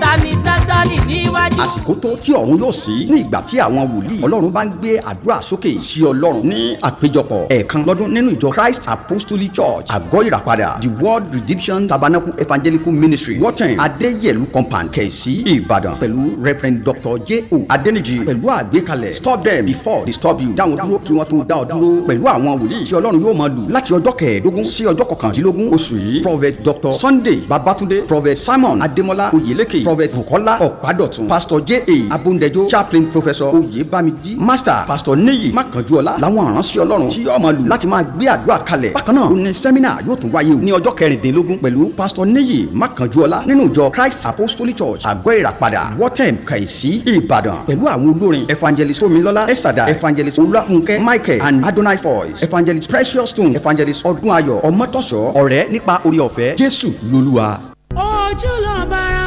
ta ni sátani níwájú. àsìkò tó tí ọ̀run yóò sí ní ìgbà tí àwọn wòlíì ọlọ́run bá ń gbé àdúrà sókè sí ọlọ́run ní àpéjọpọ̀ ẹ̀ẹ̀kan lọ́dún nínú ìjọ christ apostolic church àgọ́ ìràpadà the world redemption tabernacle evangelical ministry wọ́tẹ̀n adéyẹ̀lú compound kẹ̀sí ìbàdàn pẹ̀lú reverend dr j.o. adéníjì pẹ̀lú àgbékalẹ̀ stop them before they stop you dáwọn dúró kí wọ́n tó dá ọ dúró pẹ̀lú àwọn wòlíì tí ọlọ́run yóò máa lù láti ọjọ́ kẹẹ̀ẹ́dógún sí ọjọ́ kọkàndínlógún oṣù yìí prophet dr sunday babatunde prophet simon adémọlá oyèlékè prophet bukola ọ̀pádọ̀tún pásítọ̀ j a abúndẹjọ chaplain professor oyèbámidí master pastor níyì mákànjúọlá làwọn aránṣẹ́ ọlọ́run tí yóò máa lù láti máa gbé àdúrà kalẹ̀ bákan náà òní sẹ́mínà yóò tún wáyé o ní ọjọ́ kẹrìndínlógún pẹ̀lú pastor níyì mákànjúọlá nínú ìjọ christ apostolic church àgọ́ ìràpadà wọ́tẹ̀m kàìsí ìbàdàn pẹ̀lú àwọn olórin evangelist omilọ́lá ẹ̀sàdà evangelist olúwàfúnkẹ́ michael and adonai voice evangelist precious stone evangelist ọdúnayọ̀ ọmọtọ́ṣọ́ ọ̀rẹ́ nípa oore ọ̀fẹ́ jésù lolúwa. ojúlọ bára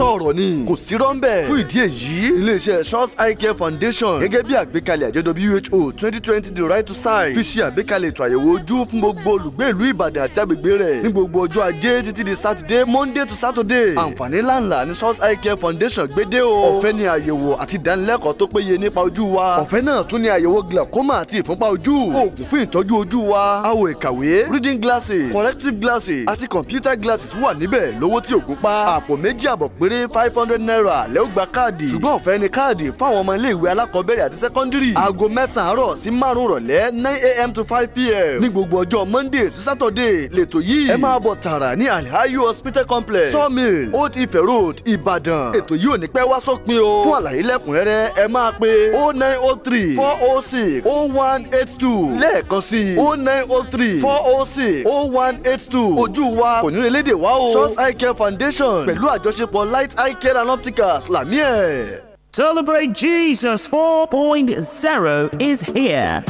òtítọ́ ọ̀rọ̀ ni kò sí rọ́ńbẹ́. fún ìdí èyí iléeṣẹ́ Shots Eye Care Foundation gẹ́gẹ́ bí àgbékalẹ̀ àjọ WHO twenty twenty the right to sight fi ṣe àgbékalẹ̀ ètò àyẹ̀wò ojú fún gbogbo olùgbé ìlú Ìbàdàn àti àgbègbè rẹ̀ ní gbogbo ọjọ́ ajé títí di Saturday Monday to Saturday àǹfààní ńláńlá ni Shots Eye Care Foundation gbédè o ọ̀fẹ́ ni àyẹ̀wò àti ìdánilẹ́kọ̀ọ́ tó péye nípa ojú wa ọ̀fẹ́ náà tún ni àyẹ̀wò glaucoma àti ìfúnpá ojú oògùn fún ìtọ́jú ojú wa àwọ̀ ìkàwé reading glasses corrective glasses àti computer glasses wà níbẹ̀ lówó tí ògùn pa àpò péré five hundred naira lẹ́ ó gba káàdì ṣùgbọ́n ọ̀fẹ́ ni káàdì fún àwọn ọmọ iléèwé alákọ̀ọ́bẹ̀rẹ̀ àti sẹ́kọ́ndírì aago mẹ́sàn-án àárọ̀ sí márùn rọ̀lẹ́ nine a.m. to five p.m. ní gbogbo ọjọ́ monday sí saturday lẹ́tọ̀ yìí ẹ máa bọ̀ tààrà ní alihayu hospital complex sawmill old ife road ìbàdàn ètò yìí ò ní pẹ́ wá sópin o fún àlàyé lẹ́kùnrẹ́rẹ́ ẹ máa pe o oh nine o oh three four o oh six o one eight two lẹ́ẹ̀kan sí o nine o three four o six o one eight two ojú wa kò ní relédè wá o Church Eye Care Foundation pẹ̀lú àjọṣepọ̀ láì Light Eye Care and Opticals, la mienne. Celebrate Jesus 4.0 is here.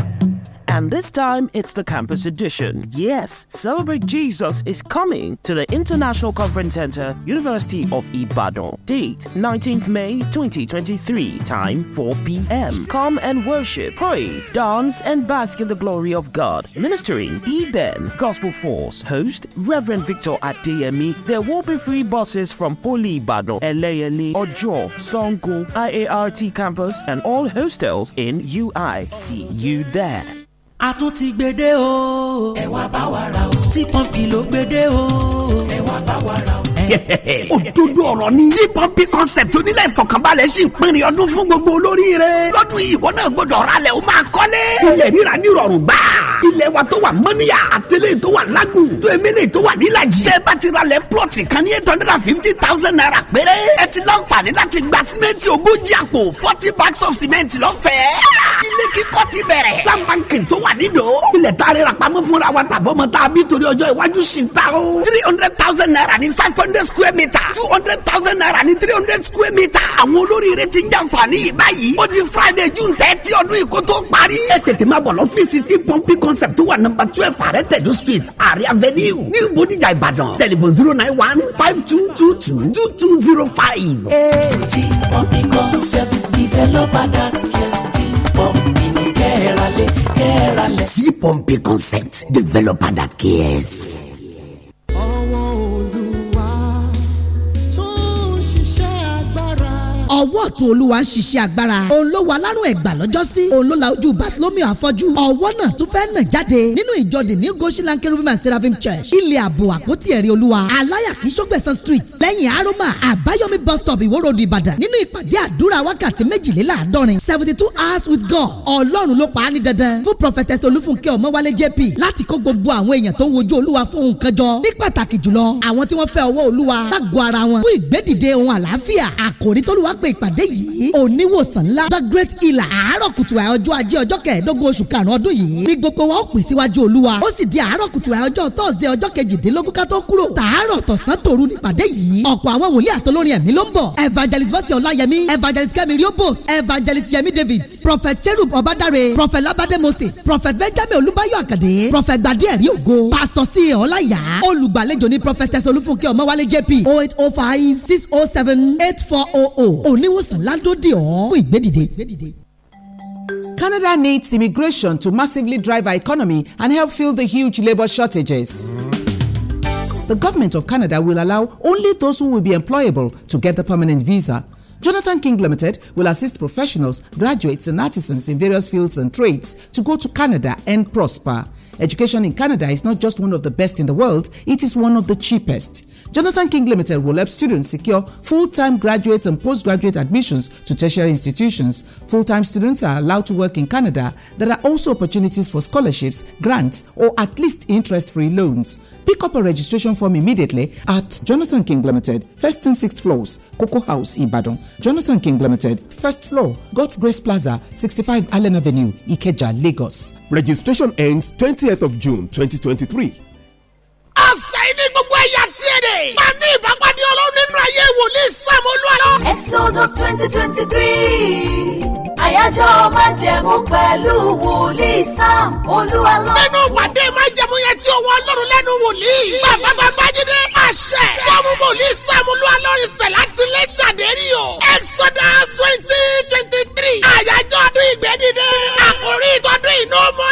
And this time it's the campus edition. Yes, Celebrate Jesus is coming to the International Conference Center, University of Ibadan. Date 19th May 2023, time 4 p.m. Come and worship, praise, dance, and bask in the glory of God. Ministering Eben, Gospel Force, host Reverend Victor Adeyemi. There will be free buses from Poli Ibadan, Eleyele, Ojo, Songo, IART campus, and all hostels in UI. See you there. a tún ti gbede o. ẹ wá bá wa ra o. tí pọ́ǹpì ló gbede o. ẹ wá bá wa ra o <laughs> òdodo ọ̀rọ̀ ni. tí pọ́ńpì concept onílẹ̀ ìfọkànbalẹ̀ sì ń pinrin ọdún fún gbogbo olórí rẹ̀. lọ́dún yìí ìwọ náà gbọ́dọ̀ ra lẹ̀ o máa kọ́lé. ilẹ̀ ríra ní ìrọ̀rùn gbà. ilẹ̀ wa tó wà mọ́níyà àtẹlẹ́ tó wà lágùn tó emele tó wà nílàjì. tẹ́ bá ti ra lẹ̀ plọ̀tì kan ní eight hundred and fifty thousand naira péré. ẹ ti láǹfààní láti gba símẹ́ǹtì ogójì àpò forty bags of cement lọ́fẹ̀ẹ́. ilé kíkọ́ ti bẹ̀rẹ̀. láǹfààní tó wà nídò. ilẹ̀ tá a rẹ̀ rà pamọ́ fúnra wa tàbọ́mọ o. three hundred thousand naira ní five hundred hundred square meter two hundred thousand naira ní three hundred square meter àwọn olóríire ti ń jàǹfààní yìí báyìí ó di friday june thirty ọdún yìí kó tó parí. ẹ tètè máa bọ̀ lọ́fíìsì tí pọ́ńpì concept tó wà nọ́mbà twelve àrẹ tẹ̀dó street àrẹ avenue ní bòdìjà ìbàdàn tẹlifon zero nine one five two two two two two zero five. ti pọ́ńpì concept developer dat case ti pọ́ńpì ni kẹ́ẹ̀rẹ́ kẹ́ẹ̀rẹ́ ti pọ́ńpì concept developer dat case. what ọ̀tún olúwa ń ṣiṣẹ́ agbára òun ló wà lárùn ẹ̀gbà lọ́jọ́ sí òun ló la ojú Bartholomew afọ́jú ọwọ́ náà tún fẹ́ nà jáde nínú ìjọdìn ní Goshen Cherubim and Seraphim Church ilẹ̀ ààbò àpótí ẹ̀rí olúwa aláyàkí sọ́gbẹ̀sán street lẹ́yìn aroma àbáyọ̀mí bus stop ìwó road Ìbàdàn nínú ìpàdé àdúrà wákàtí méjìléláàádọ́rin seventy two hours with God ọlọ́run ló pa á ní dandan fún prophetess olúfúnkẹ́ ọmọwálé jp láti kó gbogbo àwọn èèyàn tó ń wojú olúwa fún nǹkan jọ ní pàtàkì jùlọ àwọn tí wọ́n fẹ́ yìí oníwòsàn ńlá the great healer àárọ̀ kùtù ọjọ́ ajé ọjọ́ kẹẹ̀ẹ́dógún oṣù karùn-ún ọdún yìí ni gbogbo wa ó pè síwájú olúwa ó sì di àárọ̀ kùtù ọjọ́ thursday ọjọ́ kejìdínlógún ká tó kúrò tààrọ̀ tọ̀sán tòru nípàdé yìí ọ̀pọ̀ àwọn wòlíì àtolórin ẹ̀mí ló ń bọ̀ evangelist bọ́sẹ̀ ọláyẹmí evangelist kẹ́mi riobo evangelist yẹmi david prophet cherub ọbadare prophet labade moses prophet benjamin olúbáyọ̀ àkàdé prophet gbadé ẹ̀rí ògo pastor c e. ọláyà olùgbàlejò ní prophetess olúfúnkẹ́ ọmọwálé jp oh eight oh five six oh seven eight four oh oh oníwòsàn ládòdì fún ìgbédìde. Canada needs immigration to massively drive our economy and help fill the huge labour shortages. The government of Canada will allow only those who will be employable to get the permanent visa. Jonathan King Limited will assist professionals, graduates, and artisans in various fields and trades to go to Canada and prosper. Education in Canada is not just one of the best in the world, it is one of the cheapest. Jonathan King Limited will help students secure full time graduate and postgraduate admissions to tertiary institutions. Full time students are allowed to work in Canada. There are also opportunities for scholarships, grants, or at least interest free loans. Pick up a registration form immediately at Jonathan King Limited, first and sixth floors, Cocoa House, Ibadan. Jonathan King Limited, first floor, God's Grace Plaza, 65 Allen Avenue, Ikeja, Lagos. Registration ends 20 30th of June 2023. àṣàyí ní gbogbo ẹ̀yà tí ẹ dẹ̀. máa ní ìbápadé ọlọ́run nínú ayé wòlíì Sam Olúwarọ. Exodus 2023 àyájọ́ májẹ̀mú pẹ̀lú wòlíì Sam Olúwarọ. nínú ìpàdé májẹ̀mú yẹn tí òun ọlọ́run lẹ́nu wòlíì. bàbá bàbá jíde máa wòlíì Sam Olúwarọ ìṣẹ̀ láti lè ṣàdérí o. Exodus 2023 àyájọ́ ọdún ìgbẹ́dìde. àkòrí ìtọ́dún ìnáwó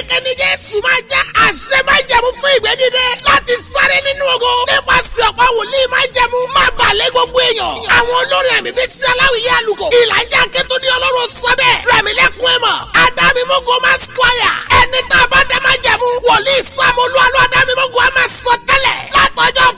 àríkẹ́ ní Jésù máa jẹ́ àṣẹ máa jẹ̀mú fún ìgbé dídé láti sáré nínú ogo nípasẹ̀ ọ̀pá wòlíì máa jẹ̀mú má balẹ̀ gbogbo èèyàn. àwọn olórin ẹ̀mí bíi sísáláwìyé àlùkò ìlàjà kẹ́tọ́ ní ọlọ́run sọ́bẹ̀ rẹ̀mílẹ́kùn ẹ̀mọ́ adámímógó máa squire ẹni tá a bá dá máa jẹ̀mú wòlíì sàmúlú alọ́